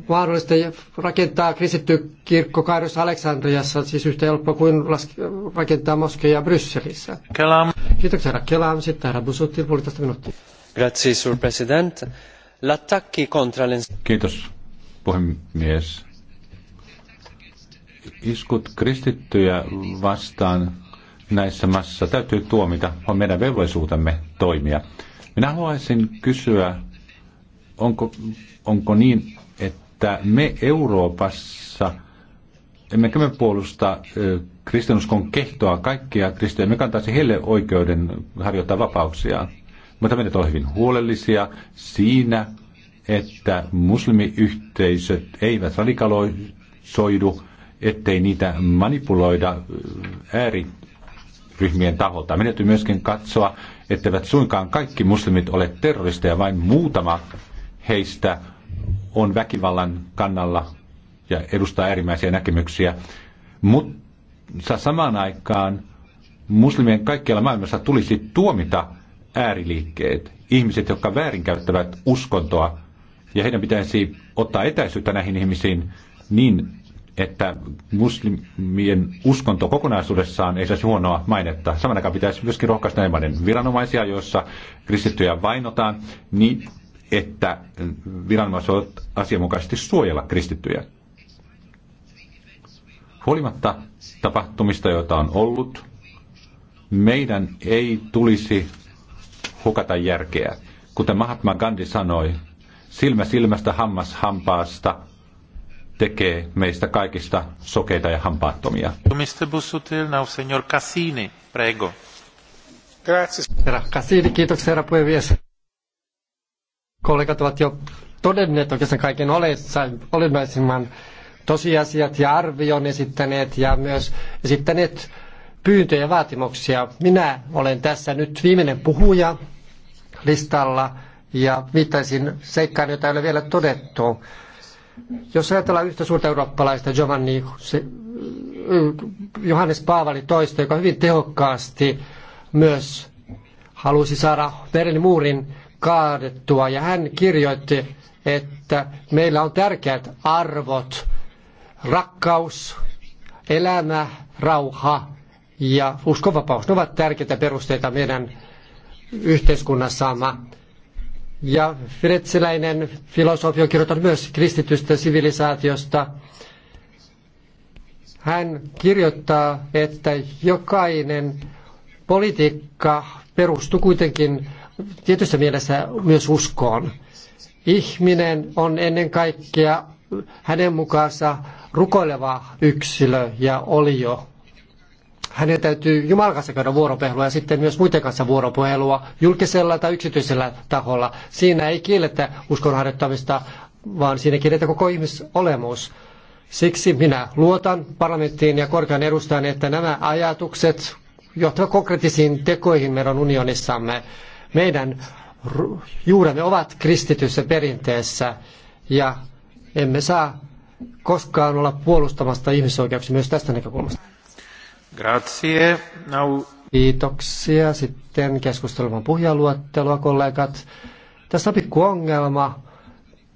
mahdollista rakentaa kristitty kirkko Kairos Aleksandriassa, siis yhtä helppo kuin rakentaa moskeja Brysselissä. Kelam. Kiitoksia herra Kelam. Sitten herra Busutti, puolitoista minuuttia. Grazie, sur president. L'attacchi contra le... Kiitos, puhemies. Iskut kristittyjä vastaan näissä maissa täytyy tuomita. On meidän velvollisuutemme toimia. Minä haluaisin kysyä, onko, onko niin, että me Euroopassa, emmekä me puolusta kristinuskon kehtoa kaikkia kristiä, me kantaisi heille oikeuden harjoittaa vapauksia. Mutta meidät on hyvin huolellisia siinä, että muslimiyhteisöt eivät radikaloisoidu, ettei niitä manipuloida ääriryhmien taholta. Meidän täytyy myöskin katsoa, etteivät suinkaan kaikki muslimit ole terroristeja, vain muutama heistä on väkivallan kannalla ja edustaa äärimmäisiä näkemyksiä. Mutta samaan aikaan muslimien kaikkialla maailmassa tulisi tuomita ääriliikkeet, ihmiset, jotka väärinkäyttävät uskontoa, ja heidän pitäisi ottaa etäisyyttä näihin ihmisiin niin, että muslimien uskonto kokonaisuudessaan ei saisi huonoa mainetta. Samanaikaan pitäisi myöskin rohkaista näiden viranomaisia, joissa kristittyjä vainotaan, niin että viranomaiset voivat asianmukaisesti suojella kristittyjä. Huolimatta tapahtumista, joita on ollut, meidän ei tulisi hukata järkeä. Kuten Mahatma Gandhi sanoi, silmä silmästä, hammas hampaasta tekee meistä kaikista sokeita ja hampaattomia. Grazie. kiitoksia herra puhemies kollegat ovat jo todenneet oikeastaan kaiken olennaisimman tosiasiat ja arvion esittäneet ja myös esittäneet pyyntöjä ja vaatimuksia. Minä olen tässä nyt viimeinen puhuja listalla ja viittaisin seikkaan, jota ei ole vielä todettu. Jos ajatellaan yhtä suurta eurooppalaista Giovanni se, Johannes Paavali toista, joka hyvin tehokkaasti myös halusi saada Berliinin muurin kaadettua. Ja hän kirjoitti, että meillä on tärkeät arvot, rakkaus, elämä, rauha ja uskonvapaus. Ne ovat tärkeitä perusteita meidän yhteiskunnassamme. Ja Firetseläinen filosofi on kirjoittanut myös kristitystä sivilisaatiosta. Hän kirjoittaa, että jokainen politiikka perustuu kuitenkin tietyssä mielessä myös uskoon. Ihminen on ennen kaikkea hänen mukaansa rukoileva yksilö ja olio. Hänen täytyy Jumalan kanssa käydä vuoropuhelua ja sitten myös muiden kanssa vuoropuhelua julkisella tai yksityisellä taholla. Siinä ei kielletä uskon harjoittamista, vaan siinä kielletä koko ihmisolemus. Siksi minä luotan parlamenttiin ja korkean edustajan, että nämä ajatukset johtavat konkreettisiin tekoihin meidän unionissamme. Meidän juuremme ovat kristityssä perinteessä ja emme saa koskaan olla puolustamasta ihmisoikeuksia myös tästä näkökulmasta. Grazie. Now... Kiitoksia. Sitten keskustelman puhujaluettelua, kollegat. Tässä on pikku ongelma.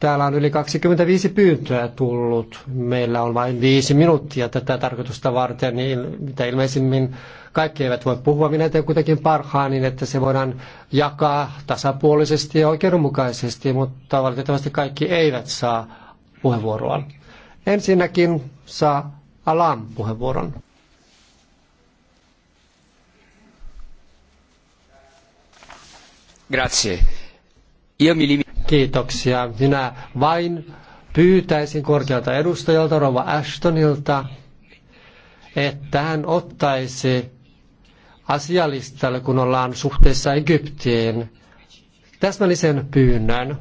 Täällä on yli 25 pyyntöä tullut. Meillä on vain viisi minuuttia tätä tarkoitusta varten, niin mitä ilmeisimmin kaikki eivät voi puhua. Minä teen kuitenkin parhaan niin, että se voidaan jakaa tasapuolisesti ja oikeudenmukaisesti, mutta valitettavasti kaikki eivät saa puheenvuoroa. Ensinnäkin saa Alam puheenvuoron. Grazie. Kiitoksia. Minä vain pyytäisin korkealta edustajalta Rova Ashtonilta, että hän ottaisi asialistalle, kun ollaan suhteessa Egyptiin, täsmällisen pyynnön.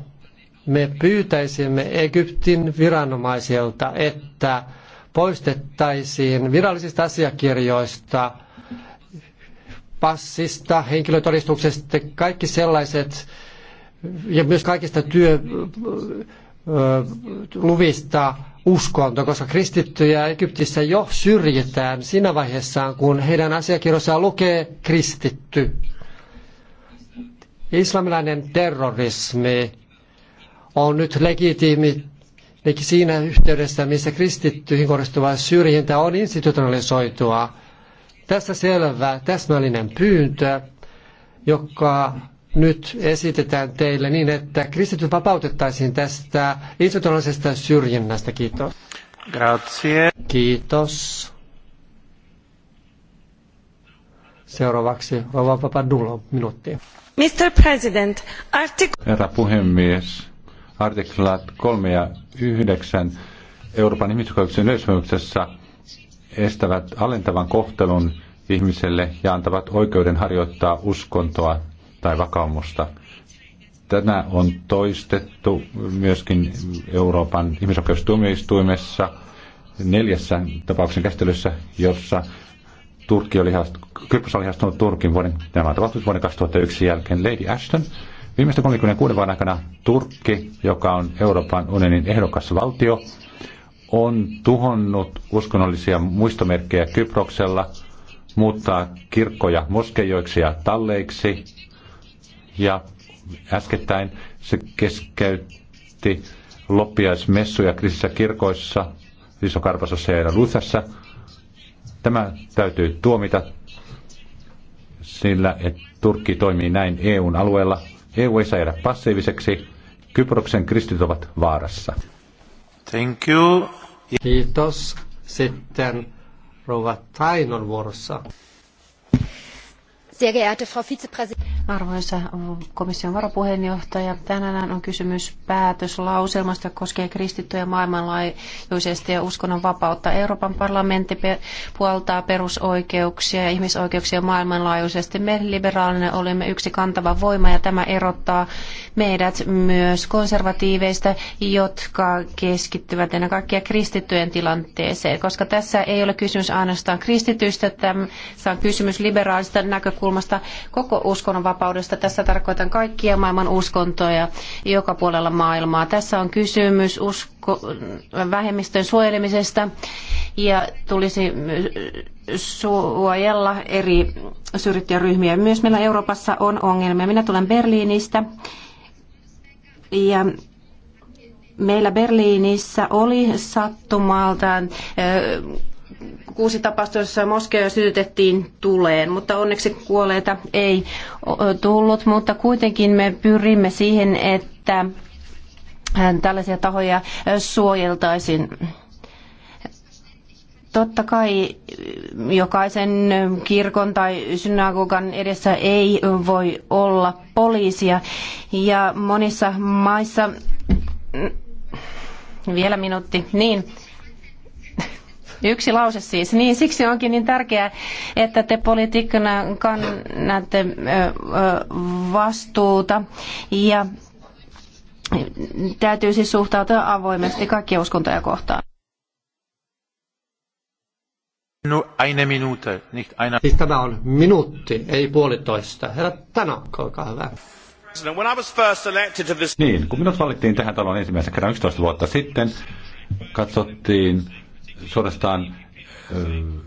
Me pyytäisimme Egyptin viranomaisilta, että poistettaisiin virallisista asiakirjoista, passista, henkilötodistuksesta, kaikki sellaiset ja myös kaikista työluvista uskonto, koska kristittyjä Egyptissä jo syrjitään siinä vaiheessa, kun heidän asiakirjoissaan lukee kristitty. Islamilainen terrorismi on nyt legitiimi siinä yhteydessä, missä kristittyihin kohdistuva syrjintä on institutionalisoitua. Tässä selvä täsmällinen pyyntö, joka nyt esitetään teille niin, että kristityt vapautettaisiin tästä institutionaalisesta syrjinnästä. Kiitos. Grazie. Kiitos. Seuraavaksi Rova Papadulo, minuutti. Mr. President, artik- Herra puhemies, artiklat 3 ja 9 Euroopan ihmisoikeuksien yleissopimuksessa estävät alentavan kohtelun ihmiselle ja antavat oikeuden harjoittaa uskontoa tai vakaumusta. Tätä on toistettu myöskin Euroopan ihmisoikeustuomioistuimessa neljässä tapauksen käsittelyssä, jossa Turkki oli haast, Kypros oli haastanut Turkin vuoden, nämä tapahtuivat vuoden 2001 jälkeen. Lady Ashton, viimeisten 36 vuoden aikana Turkki, joka on Euroopan unionin ehdokas valtio, on tuhonnut uskonnollisia muistomerkkejä Kyproksella, muuttaa kirkkoja moskeijoiksi ja talleiksi, ja äskettäin se keskeytti loppiaismessuja kristissä kirkoissa, Isokarpasossa ja Luthassa. Tämä täytyy tuomita sillä, että Turkki toimii näin EUn alueella. EU ei saa jäädä passiiviseksi. Kyproksen kristit ovat vaarassa. Thank you. Kiitos. Sitten rouva Tainon vuorossa. Arvoisa komission varapuheenjohtaja, tänään on kysymys päätöslauselmasta koskee kristittyjä maailmanlaajuisesti ja uskonnonvapautta. Euroopan parlamentti puoltaa perusoikeuksia ja ihmisoikeuksia maailmanlaajuisesti. Me liberaalinen olemme yksi kantava voima ja tämä erottaa meidät myös konservatiiveista, jotka keskittyvät ennen kaikkea kristittyjen tilanteeseen, koska tässä ei ole kysymys ainoastaan kristityistä, tässä on kysymys liberaalista näkökulmasta näkökulmasta koko uskonnonvapaudesta. Tässä tarkoitan kaikkia maailman uskontoja joka puolella maailmaa. Tässä on kysymys usko, vähemmistön suojelemisesta ja tulisi suojella eri syrjittäjäryhmiä. Myös meillä Euroopassa on ongelmia. Minä tulen Berliinistä ja meillä Berliinissä oli sattumaltaan kuusi tapausta, jossa moskeja sytytettiin tuleen, mutta onneksi kuoleita ei tullut, mutta kuitenkin me pyrimme siihen, että tällaisia tahoja suojeltaisiin. Totta kai jokaisen kirkon tai synagogan edessä ei voi olla poliisia ja monissa maissa mm, vielä minuutti, niin Yksi lause siis. Niin siksi onkin niin tärkeää, että te poliitikkona kannatte vastuuta ja täytyy siis suhtautua avoimesti kaikkia uskontoja kohtaan. No, eine Minute, nicht eine... Siis tämä on minuutti, ei puolitoista. Herra Tanakka, olkaa hyvä. Niin, kun minut valittiin tähän taloon ensimmäisen kerran 11 vuotta sitten, katsottiin suorastaan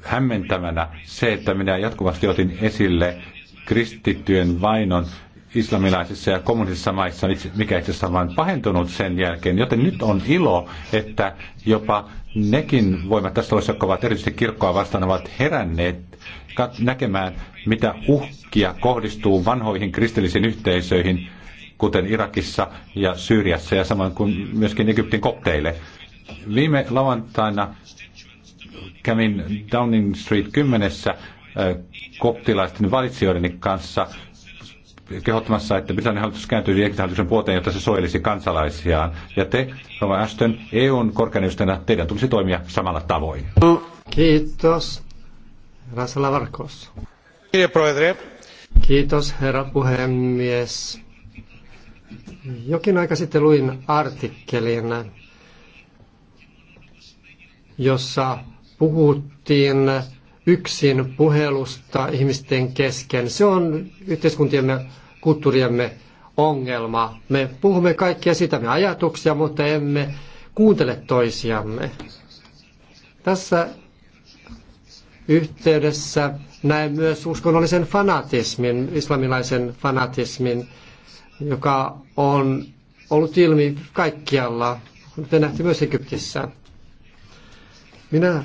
hämmentävänä se, että minä jatkuvasti otin esille kristittyjen vainon islamilaisissa ja kommunistisissa maissa, niin mikä itse asiassa on vain pahentunut sen jälkeen. Joten nyt on ilo, että jopa nekin voimat tässä talossa, jotka ovat erityisesti kirkkoa vastaan, ovat heränneet näkemään, mitä uhkia kohdistuu vanhoihin kristillisiin yhteisöihin, kuten Irakissa ja Syyriassa ja samoin kuin myöskin Egyptin kopteille. Viime lauantaina kävin Downing Street 10 äh, koptilaisten valitsijoiden kanssa kehottamassa, että Britannian hallitus kääntyisi Egyptin hallituksen puoteen, jotta se soilisi kansalaisiaan. Ja te, Rova Ashton, EUn korkeanjohtajana, teidän tulisi toimia samalla tavoin. Kiitos. Rasala Varkos. Kiitos, herra puhemies. Jokin aika sitten luin artikkelin, jossa puhuttiin yksin puhelusta ihmisten kesken. Se on yhteiskuntiemme, kulttuuriemme ongelma. Me puhumme kaikkia me ajatuksia, mutta emme kuuntele toisiamme. Tässä yhteydessä näen myös uskonnollisen fanatismin, islamilaisen fanatismin, joka on ollut ilmi kaikkialla, kuten nähty myös Egyptissä. Minä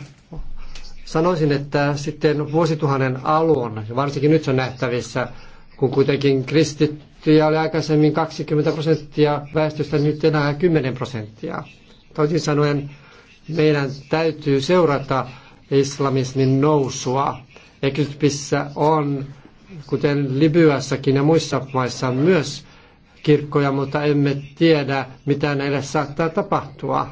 Sanoisin, että sitten vuosituhannen alun, varsinkin nyt se on nähtävissä, kun kuitenkin kristittyjä oli aikaisemmin 20 prosenttia väestöstä, nyt enää 10 prosenttia. Toisin sanoen meidän täytyy seurata islamismin nousua. Egyptissä on, kuten Libyassakin ja muissa maissa, myös kirkkoja, mutta emme tiedä, mitä näille saattaa tapahtua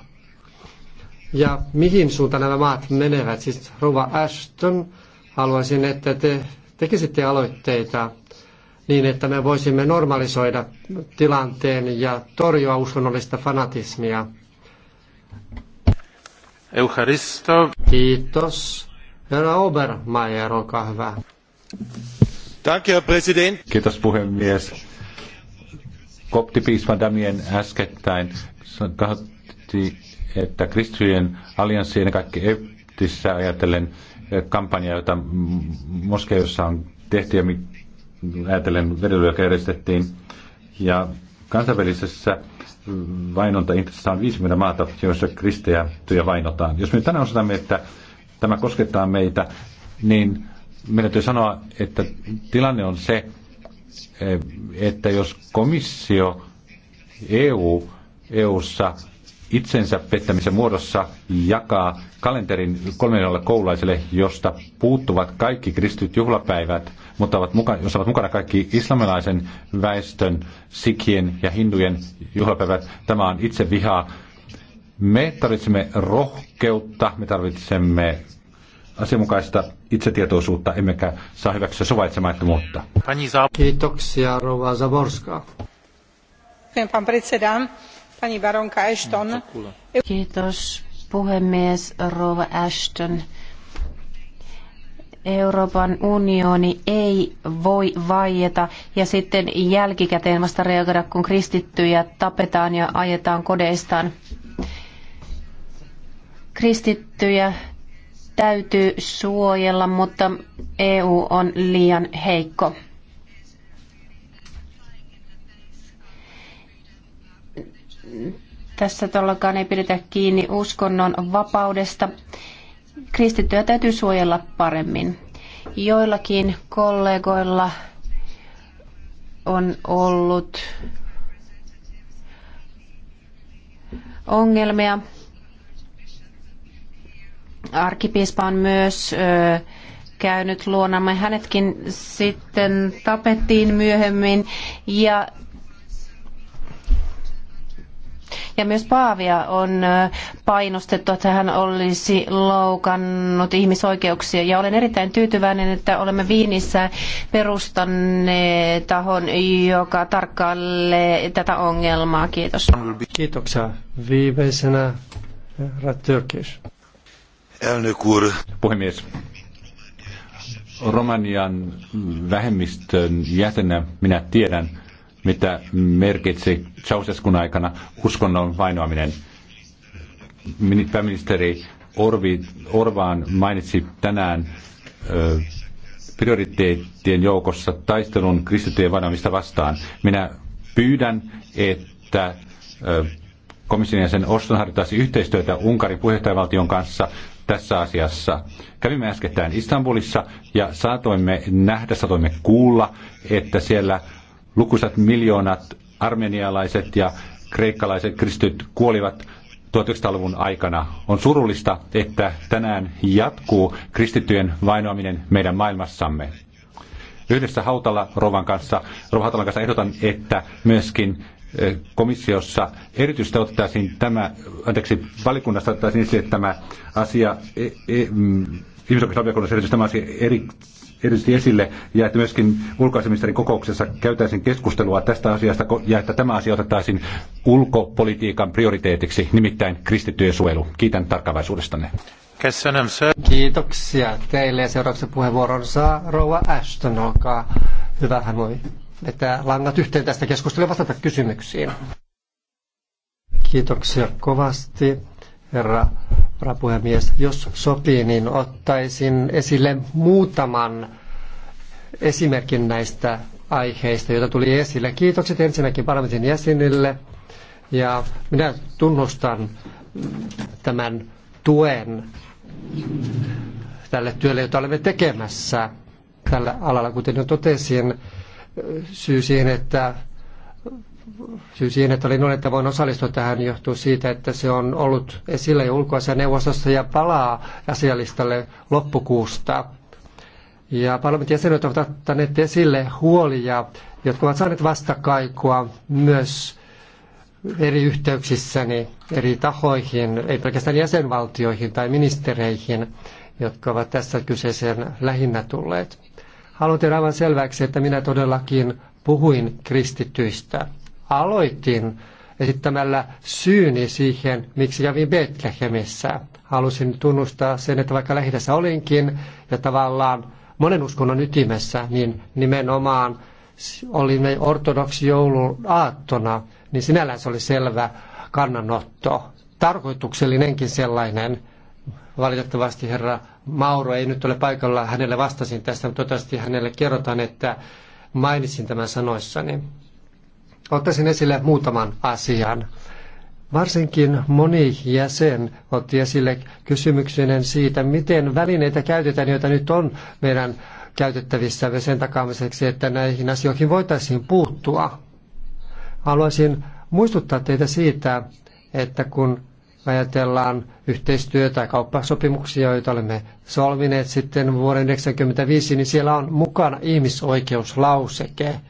ja mihin suuntaan nämä maat menevät. Siis Rova Ashton, haluaisin, että te tekisitte aloitteita niin, että me voisimme normalisoida tilanteen ja torjua uskonnollista fanatismia. Eucharisto. Kiitos. Herra Obermeier, olkaa hyvä. Danke, Herr Präsident. Kiitos puhemies. Koptipiispa Damien äskettäin että kristillinen allianssi ennen kaikkea Eptissä ajatellen eh, kampanja, jota Moskeijassa on tehty ja ajatellen vedelyä järjestettiin. Ja kansainvälisessä mm, vainonta on 50 maata, joissa kristejä vainotaan. Jos me tänään osataan, että tämä koskettaa meitä, niin meidän täytyy sanoa, että tilanne on se, eh, että jos komissio EU, EUssa itsensä pettämisen muodossa jakaa kalenterin 300 koululaiselle, josta puuttuvat kaikki kristityt juhlapäivät, mutta ovat muka, jos ovat mukana kaikki islamilaisen väestön, sikien ja hindujen juhlapäivät. Tämä on itse vihaa. Me tarvitsemme rohkeutta, me tarvitsemme asianmukaista itsetietoisuutta, emmekä saa hyväksyä suvaitsemattomuutta. Kiitoksia, Rova Zaborska. Pan predseda, pani baronka Ashton. Kiitos puhemies Rova Ashton. Euroopan unioni ei voi vaieta ja sitten jälkikäteen vasta reagoida, kun kristittyjä tapetaan ja ajetaan kodeistaan. Kristittyjä täytyy suojella, mutta EU on liian heikko. tässä todellakaan ei pidetä kiinni uskonnon vapaudesta. Kristittyä täytyy suojella paremmin. Joillakin kollegoilla on ollut ongelmia. Arkipiispa on myös ö, käynyt luonamme. Hänetkin sitten tapettiin myöhemmin ja Ja myös Paavia on painostettu, että hän olisi loukannut ihmisoikeuksia. Ja olen erittäin tyytyväinen, että olemme Viinissä perustaneet tahon, joka tarkkailee tätä ongelmaa. Kiitos. Kiitoksia. Viimeisenä Rattörkis. Puhemies. Romanian vähemmistön jäsenä minä tiedän, mitä merkitsi Ceausescun aikana uskonnon vainoaminen. Pääministeri Orvi, Orvaan mainitsi tänään ö, prioriteettien joukossa taistelun kristittyjen vainoamista vastaan. Minä pyydän, että komission jäsen Oston harjoittaisi yhteistyötä Unkarin puheenjohtajavaltion kanssa tässä asiassa. Kävimme äskettäin Istanbulissa ja saatoimme nähdä, saatoimme kuulla, että siellä – Lukuisat miljoonat armenialaiset ja kreikkalaiset kristyt kuolivat 1900-luvun aikana. On surullista, että tänään jatkuu kristittyjen vainoaminen meidän maailmassamme. Yhdessä Hautala Rovan kanssa, Rovan kanssa ehdotan, että myöskin eh, komissiossa erityisesti otettaisiin tämä, anteeksi, valikunnassa otettaisiin esille tämä asia, e, e, mm, ihmisoikeusvaliokunnassa erityisesti tämä asia eri, erityisesti esille ja että myöskin ulkoasiaministerin kokouksessa käytäisiin keskustelua tästä asiasta ja että tämä asia otettaisiin ulkopolitiikan prioriteetiksi, nimittäin kristityön suojelu. Kiitän tarkkaavaisuudestanne. Kiitoksia teille ja seuraavaksi puheenvuoron saa Rouva Ashton, olkaa hyvä, hän voi vetää langat yhteen tästä keskustelua vastata kysymyksiin. Kiitoksia kovasti, herra varapuhemies. Jos sopii, niin ottaisin esille muutaman esimerkin näistä aiheista, joita tuli esille. Kiitokset ensinnäkin parlamentin jäsenille. Ja minä tunnustan tämän tuen tälle työlle, jota olemme tekemässä tällä alalla. Kuten jo totesin, syy siihen, että syy siihen, että olin että voin osallistua tähän, johtuu siitä, että se on ollut esillä jo ulkoasianneuvostossa ja palaa asialistalle loppukuusta. Ja parlamentin jäsenet ovat ottaneet esille huolia, jotka ovat saaneet vastakaikua myös eri yhteyksissäni eri tahoihin, ei pelkästään jäsenvaltioihin tai ministereihin, jotka ovat tässä kyseiseen lähinnä tulleet. Haluan tehdä aivan selväksi, että minä todellakin puhuin kristityistä aloitin esittämällä syyni siihen, miksi kävin Betlehemissä. Halusin tunnustaa sen, että vaikka lähidässä olinkin ja tavallaan monen uskonnon ytimessä, niin nimenomaan olimme ortodoksi joulun aattona, niin sinällään se oli selvä kannanotto. Tarkoituksellinenkin sellainen. Valitettavasti herra Mauro ei nyt ole paikalla, hänelle vastasin tästä, mutta toivottavasti hänelle kerrotaan, että mainitsin tämän sanoissani. Ottaisin esille muutaman asian. Varsinkin moni jäsen otti esille kysymyksen siitä, miten välineitä käytetään, joita nyt on meidän käytettävissä sen takaamiseksi, että näihin asioihin voitaisiin puuttua. Haluaisin muistuttaa teitä siitä, että kun ajatellaan yhteistyötä ja kauppasopimuksia, joita olemme solmineet sitten vuoden 1995, niin siellä on mukana ihmisoikeuslauseke –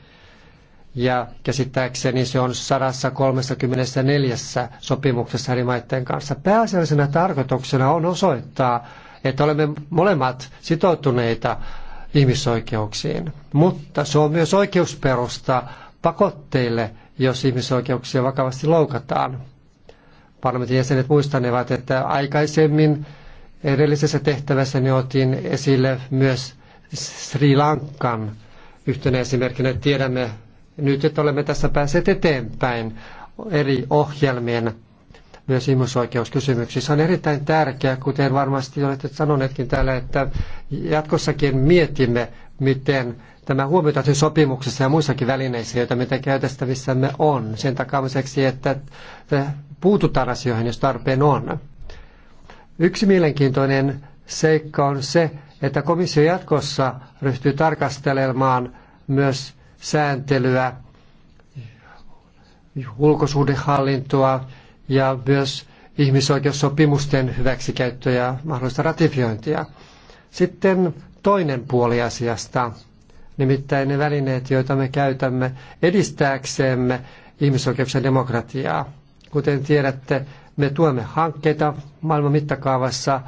ja käsittääkseni se on 134 sopimuksessa eri maiden kanssa. Pääasiallisena tarkoituksena on osoittaa, että olemme molemmat sitoutuneita ihmisoikeuksiin, mutta se on myös oikeusperusta pakotteille, jos ihmisoikeuksia vakavasti loukataan. Parlamentin jäsenet muistanevat, että aikaisemmin edellisessä tehtävässäni otin esille myös Sri Lankan yhtenä esimerkkinä. Tiedämme nyt, että olemme tässä päässeet eteenpäin eri ohjelmien myös ihmisoikeuskysymyksissä. On erittäin tärkeää, kuten varmasti olette sanoneetkin täällä, että jatkossakin mietimme, miten tämä huomioitaisiin sopimuksessa ja muissakin välineissä, joita meidän käytettävissämme on, sen takaamiseksi, että puututaan asioihin, jos tarpeen on. Yksi mielenkiintoinen seikka on se, että komissio jatkossa ryhtyy tarkastelemaan myös sääntelyä, ulkosuhdehallintoa ja myös ihmisoikeussopimusten hyväksikäyttöä ja mahdollista ratifiointia. Sitten toinen puoli asiasta, nimittäin ne välineet, joita me käytämme edistääksemme ihmisoikeuksien demokratiaa. Kuten tiedätte, me tuemme hankkeita maailman mittakaavassa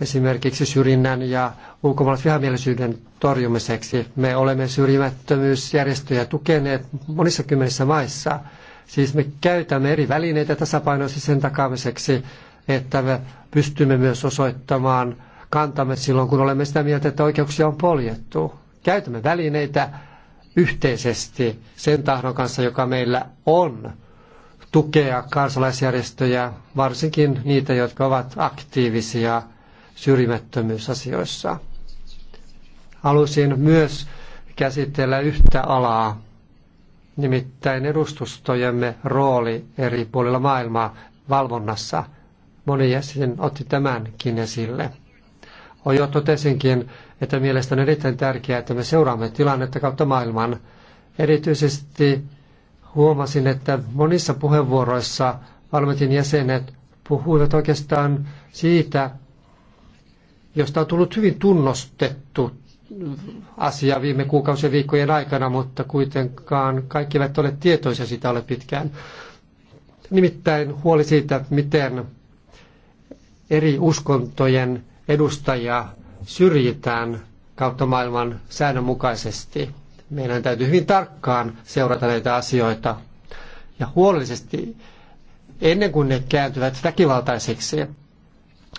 esimerkiksi syrjinnän ja ulkomaalaisvihamielisyyden torjumiseksi. Me olemme syrjimättömyysjärjestöjä tukeneet monissa kymmenissä maissa. Siis me käytämme eri välineitä tasapainoisesti sen takaamiseksi, että me pystymme myös osoittamaan kantamme silloin, kun olemme sitä mieltä, että oikeuksia on poljettu. Käytämme välineitä yhteisesti sen tahdon kanssa, joka meillä on tukea kansalaisjärjestöjä, varsinkin niitä, jotka ovat aktiivisia syrjimättömyysasioissa halusin myös käsitellä yhtä alaa, nimittäin edustustojemme rooli eri puolilla maailmaa valvonnassa. Moni jäsen otti tämänkin esille. Jo totesinkin, että mielestäni on erittäin tärkeää, että me seuraamme tilannetta kautta maailman. Erityisesti huomasin, että monissa puheenvuoroissa valmentin jäsenet puhuivat oikeastaan siitä, josta on tullut hyvin tunnustettu asia viime kuukausien viikkojen aikana, mutta kuitenkaan kaikki eivät ole tietoisia sitä ole pitkään. Nimittäin huoli siitä, miten eri uskontojen edustajia syrjitään kautta maailman säännönmukaisesti. Meidän täytyy hyvin tarkkaan seurata näitä asioita ja huolellisesti ennen kuin ne kääntyvät väkivaltaiseksi.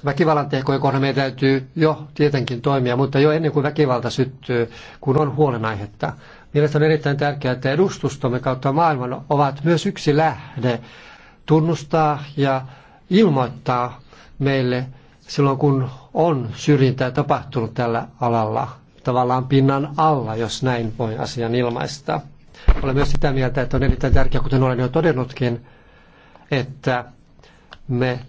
Väkivallan tekoikohdan meidän täytyy jo tietenkin toimia, mutta jo ennen kuin väkivalta syttyy, kun on huolenaihetta. Mielestäni on erittäin tärkeää, että edustustomme kautta maailman ovat myös yksi lähde tunnustaa ja ilmoittaa meille silloin, kun on syrjintää tapahtunut tällä alalla, tavallaan pinnan alla, jos näin voi asian ilmaista. Olen myös sitä mieltä, että on erittäin tärkeää, kuten olen jo todennutkin, että me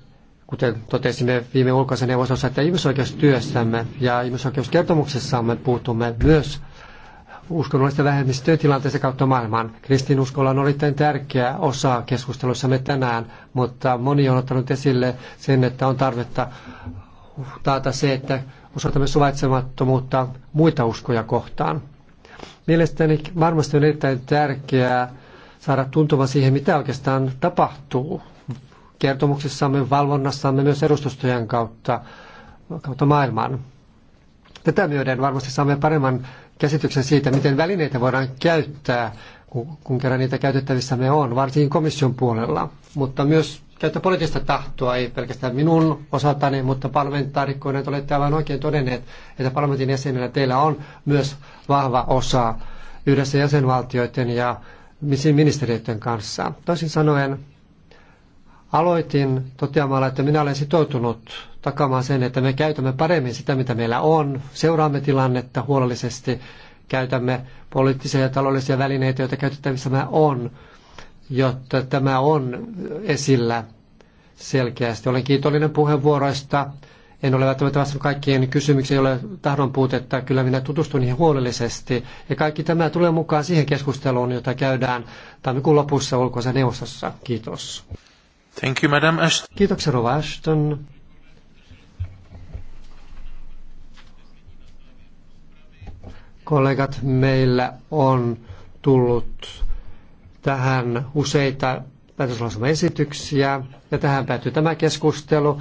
kuten totesimme viime ulkoisen neuvostossa, että ihmisoikeustyössämme ja ihmisoikeuskertomuksessamme puutumme myös uskonnollisten vähemmistöjen tilanteeseen kautta maailman. Kristinuskolla on erittäin tärkeä osa keskustelussamme tänään, mutta moni on ottanut esille sen, että on tarvetta taata se, että osoitamme suvaitsemattomuutta muita uskoja kohtaan. Mielestäni varmasti on erittäin tärkeää saada tuntuma siihen, mitä oikeastaan tapahtuu kertomuksissamme, valvonnassamme myös edustustojen kautta, kautta maailman. Tätä myöden varmasti saamme paremman käsityksen siitä, miten välineitä voidaan käyttää, kun, kun kerran niitä käytettävissä me on, varsinkin komission puolella. Mutta myös käyttää poliittista tahtoa, ei pelkästään minun osaltani, mutta parlamentaarikkoina olette aivan oikein todenneet, että parlamentin jäsenillä teillä on myös vahva osa yhdessä jäsenvaltioiden ja ministeriöiden kanssa. Toisin sanoen, Aloitin toteamalla, että minä olen sitoutunut takamaan sen, että me käytämme paremmin sitä, mitä meillä on, seuraamme tilannetta huolellisesti, käytämme poliittisia ja taloudellisia välineitä, joita käytettävissä mä on, jotta tämä on esillä selkeästi. Olen kiitollinen puheenvuoroista. En ole välttämättä vastannut kaikkien kysymyksiin, joille tahdon puutetta. Kyllä minä tutustun niihin huolellisesti. Ja kaikki tämä tulee mukaan siihen keskusteluun, jota käydään tammikuun lopussa ulkoisen neuvostossa. Kiitos. Thank you, Madam Ashton. Kiitoksia, Rova Ashton. Kollegat, meillä on tullut tähän useita päätöslausumaesityksiä ja tähän päättyy tämä keskustelu.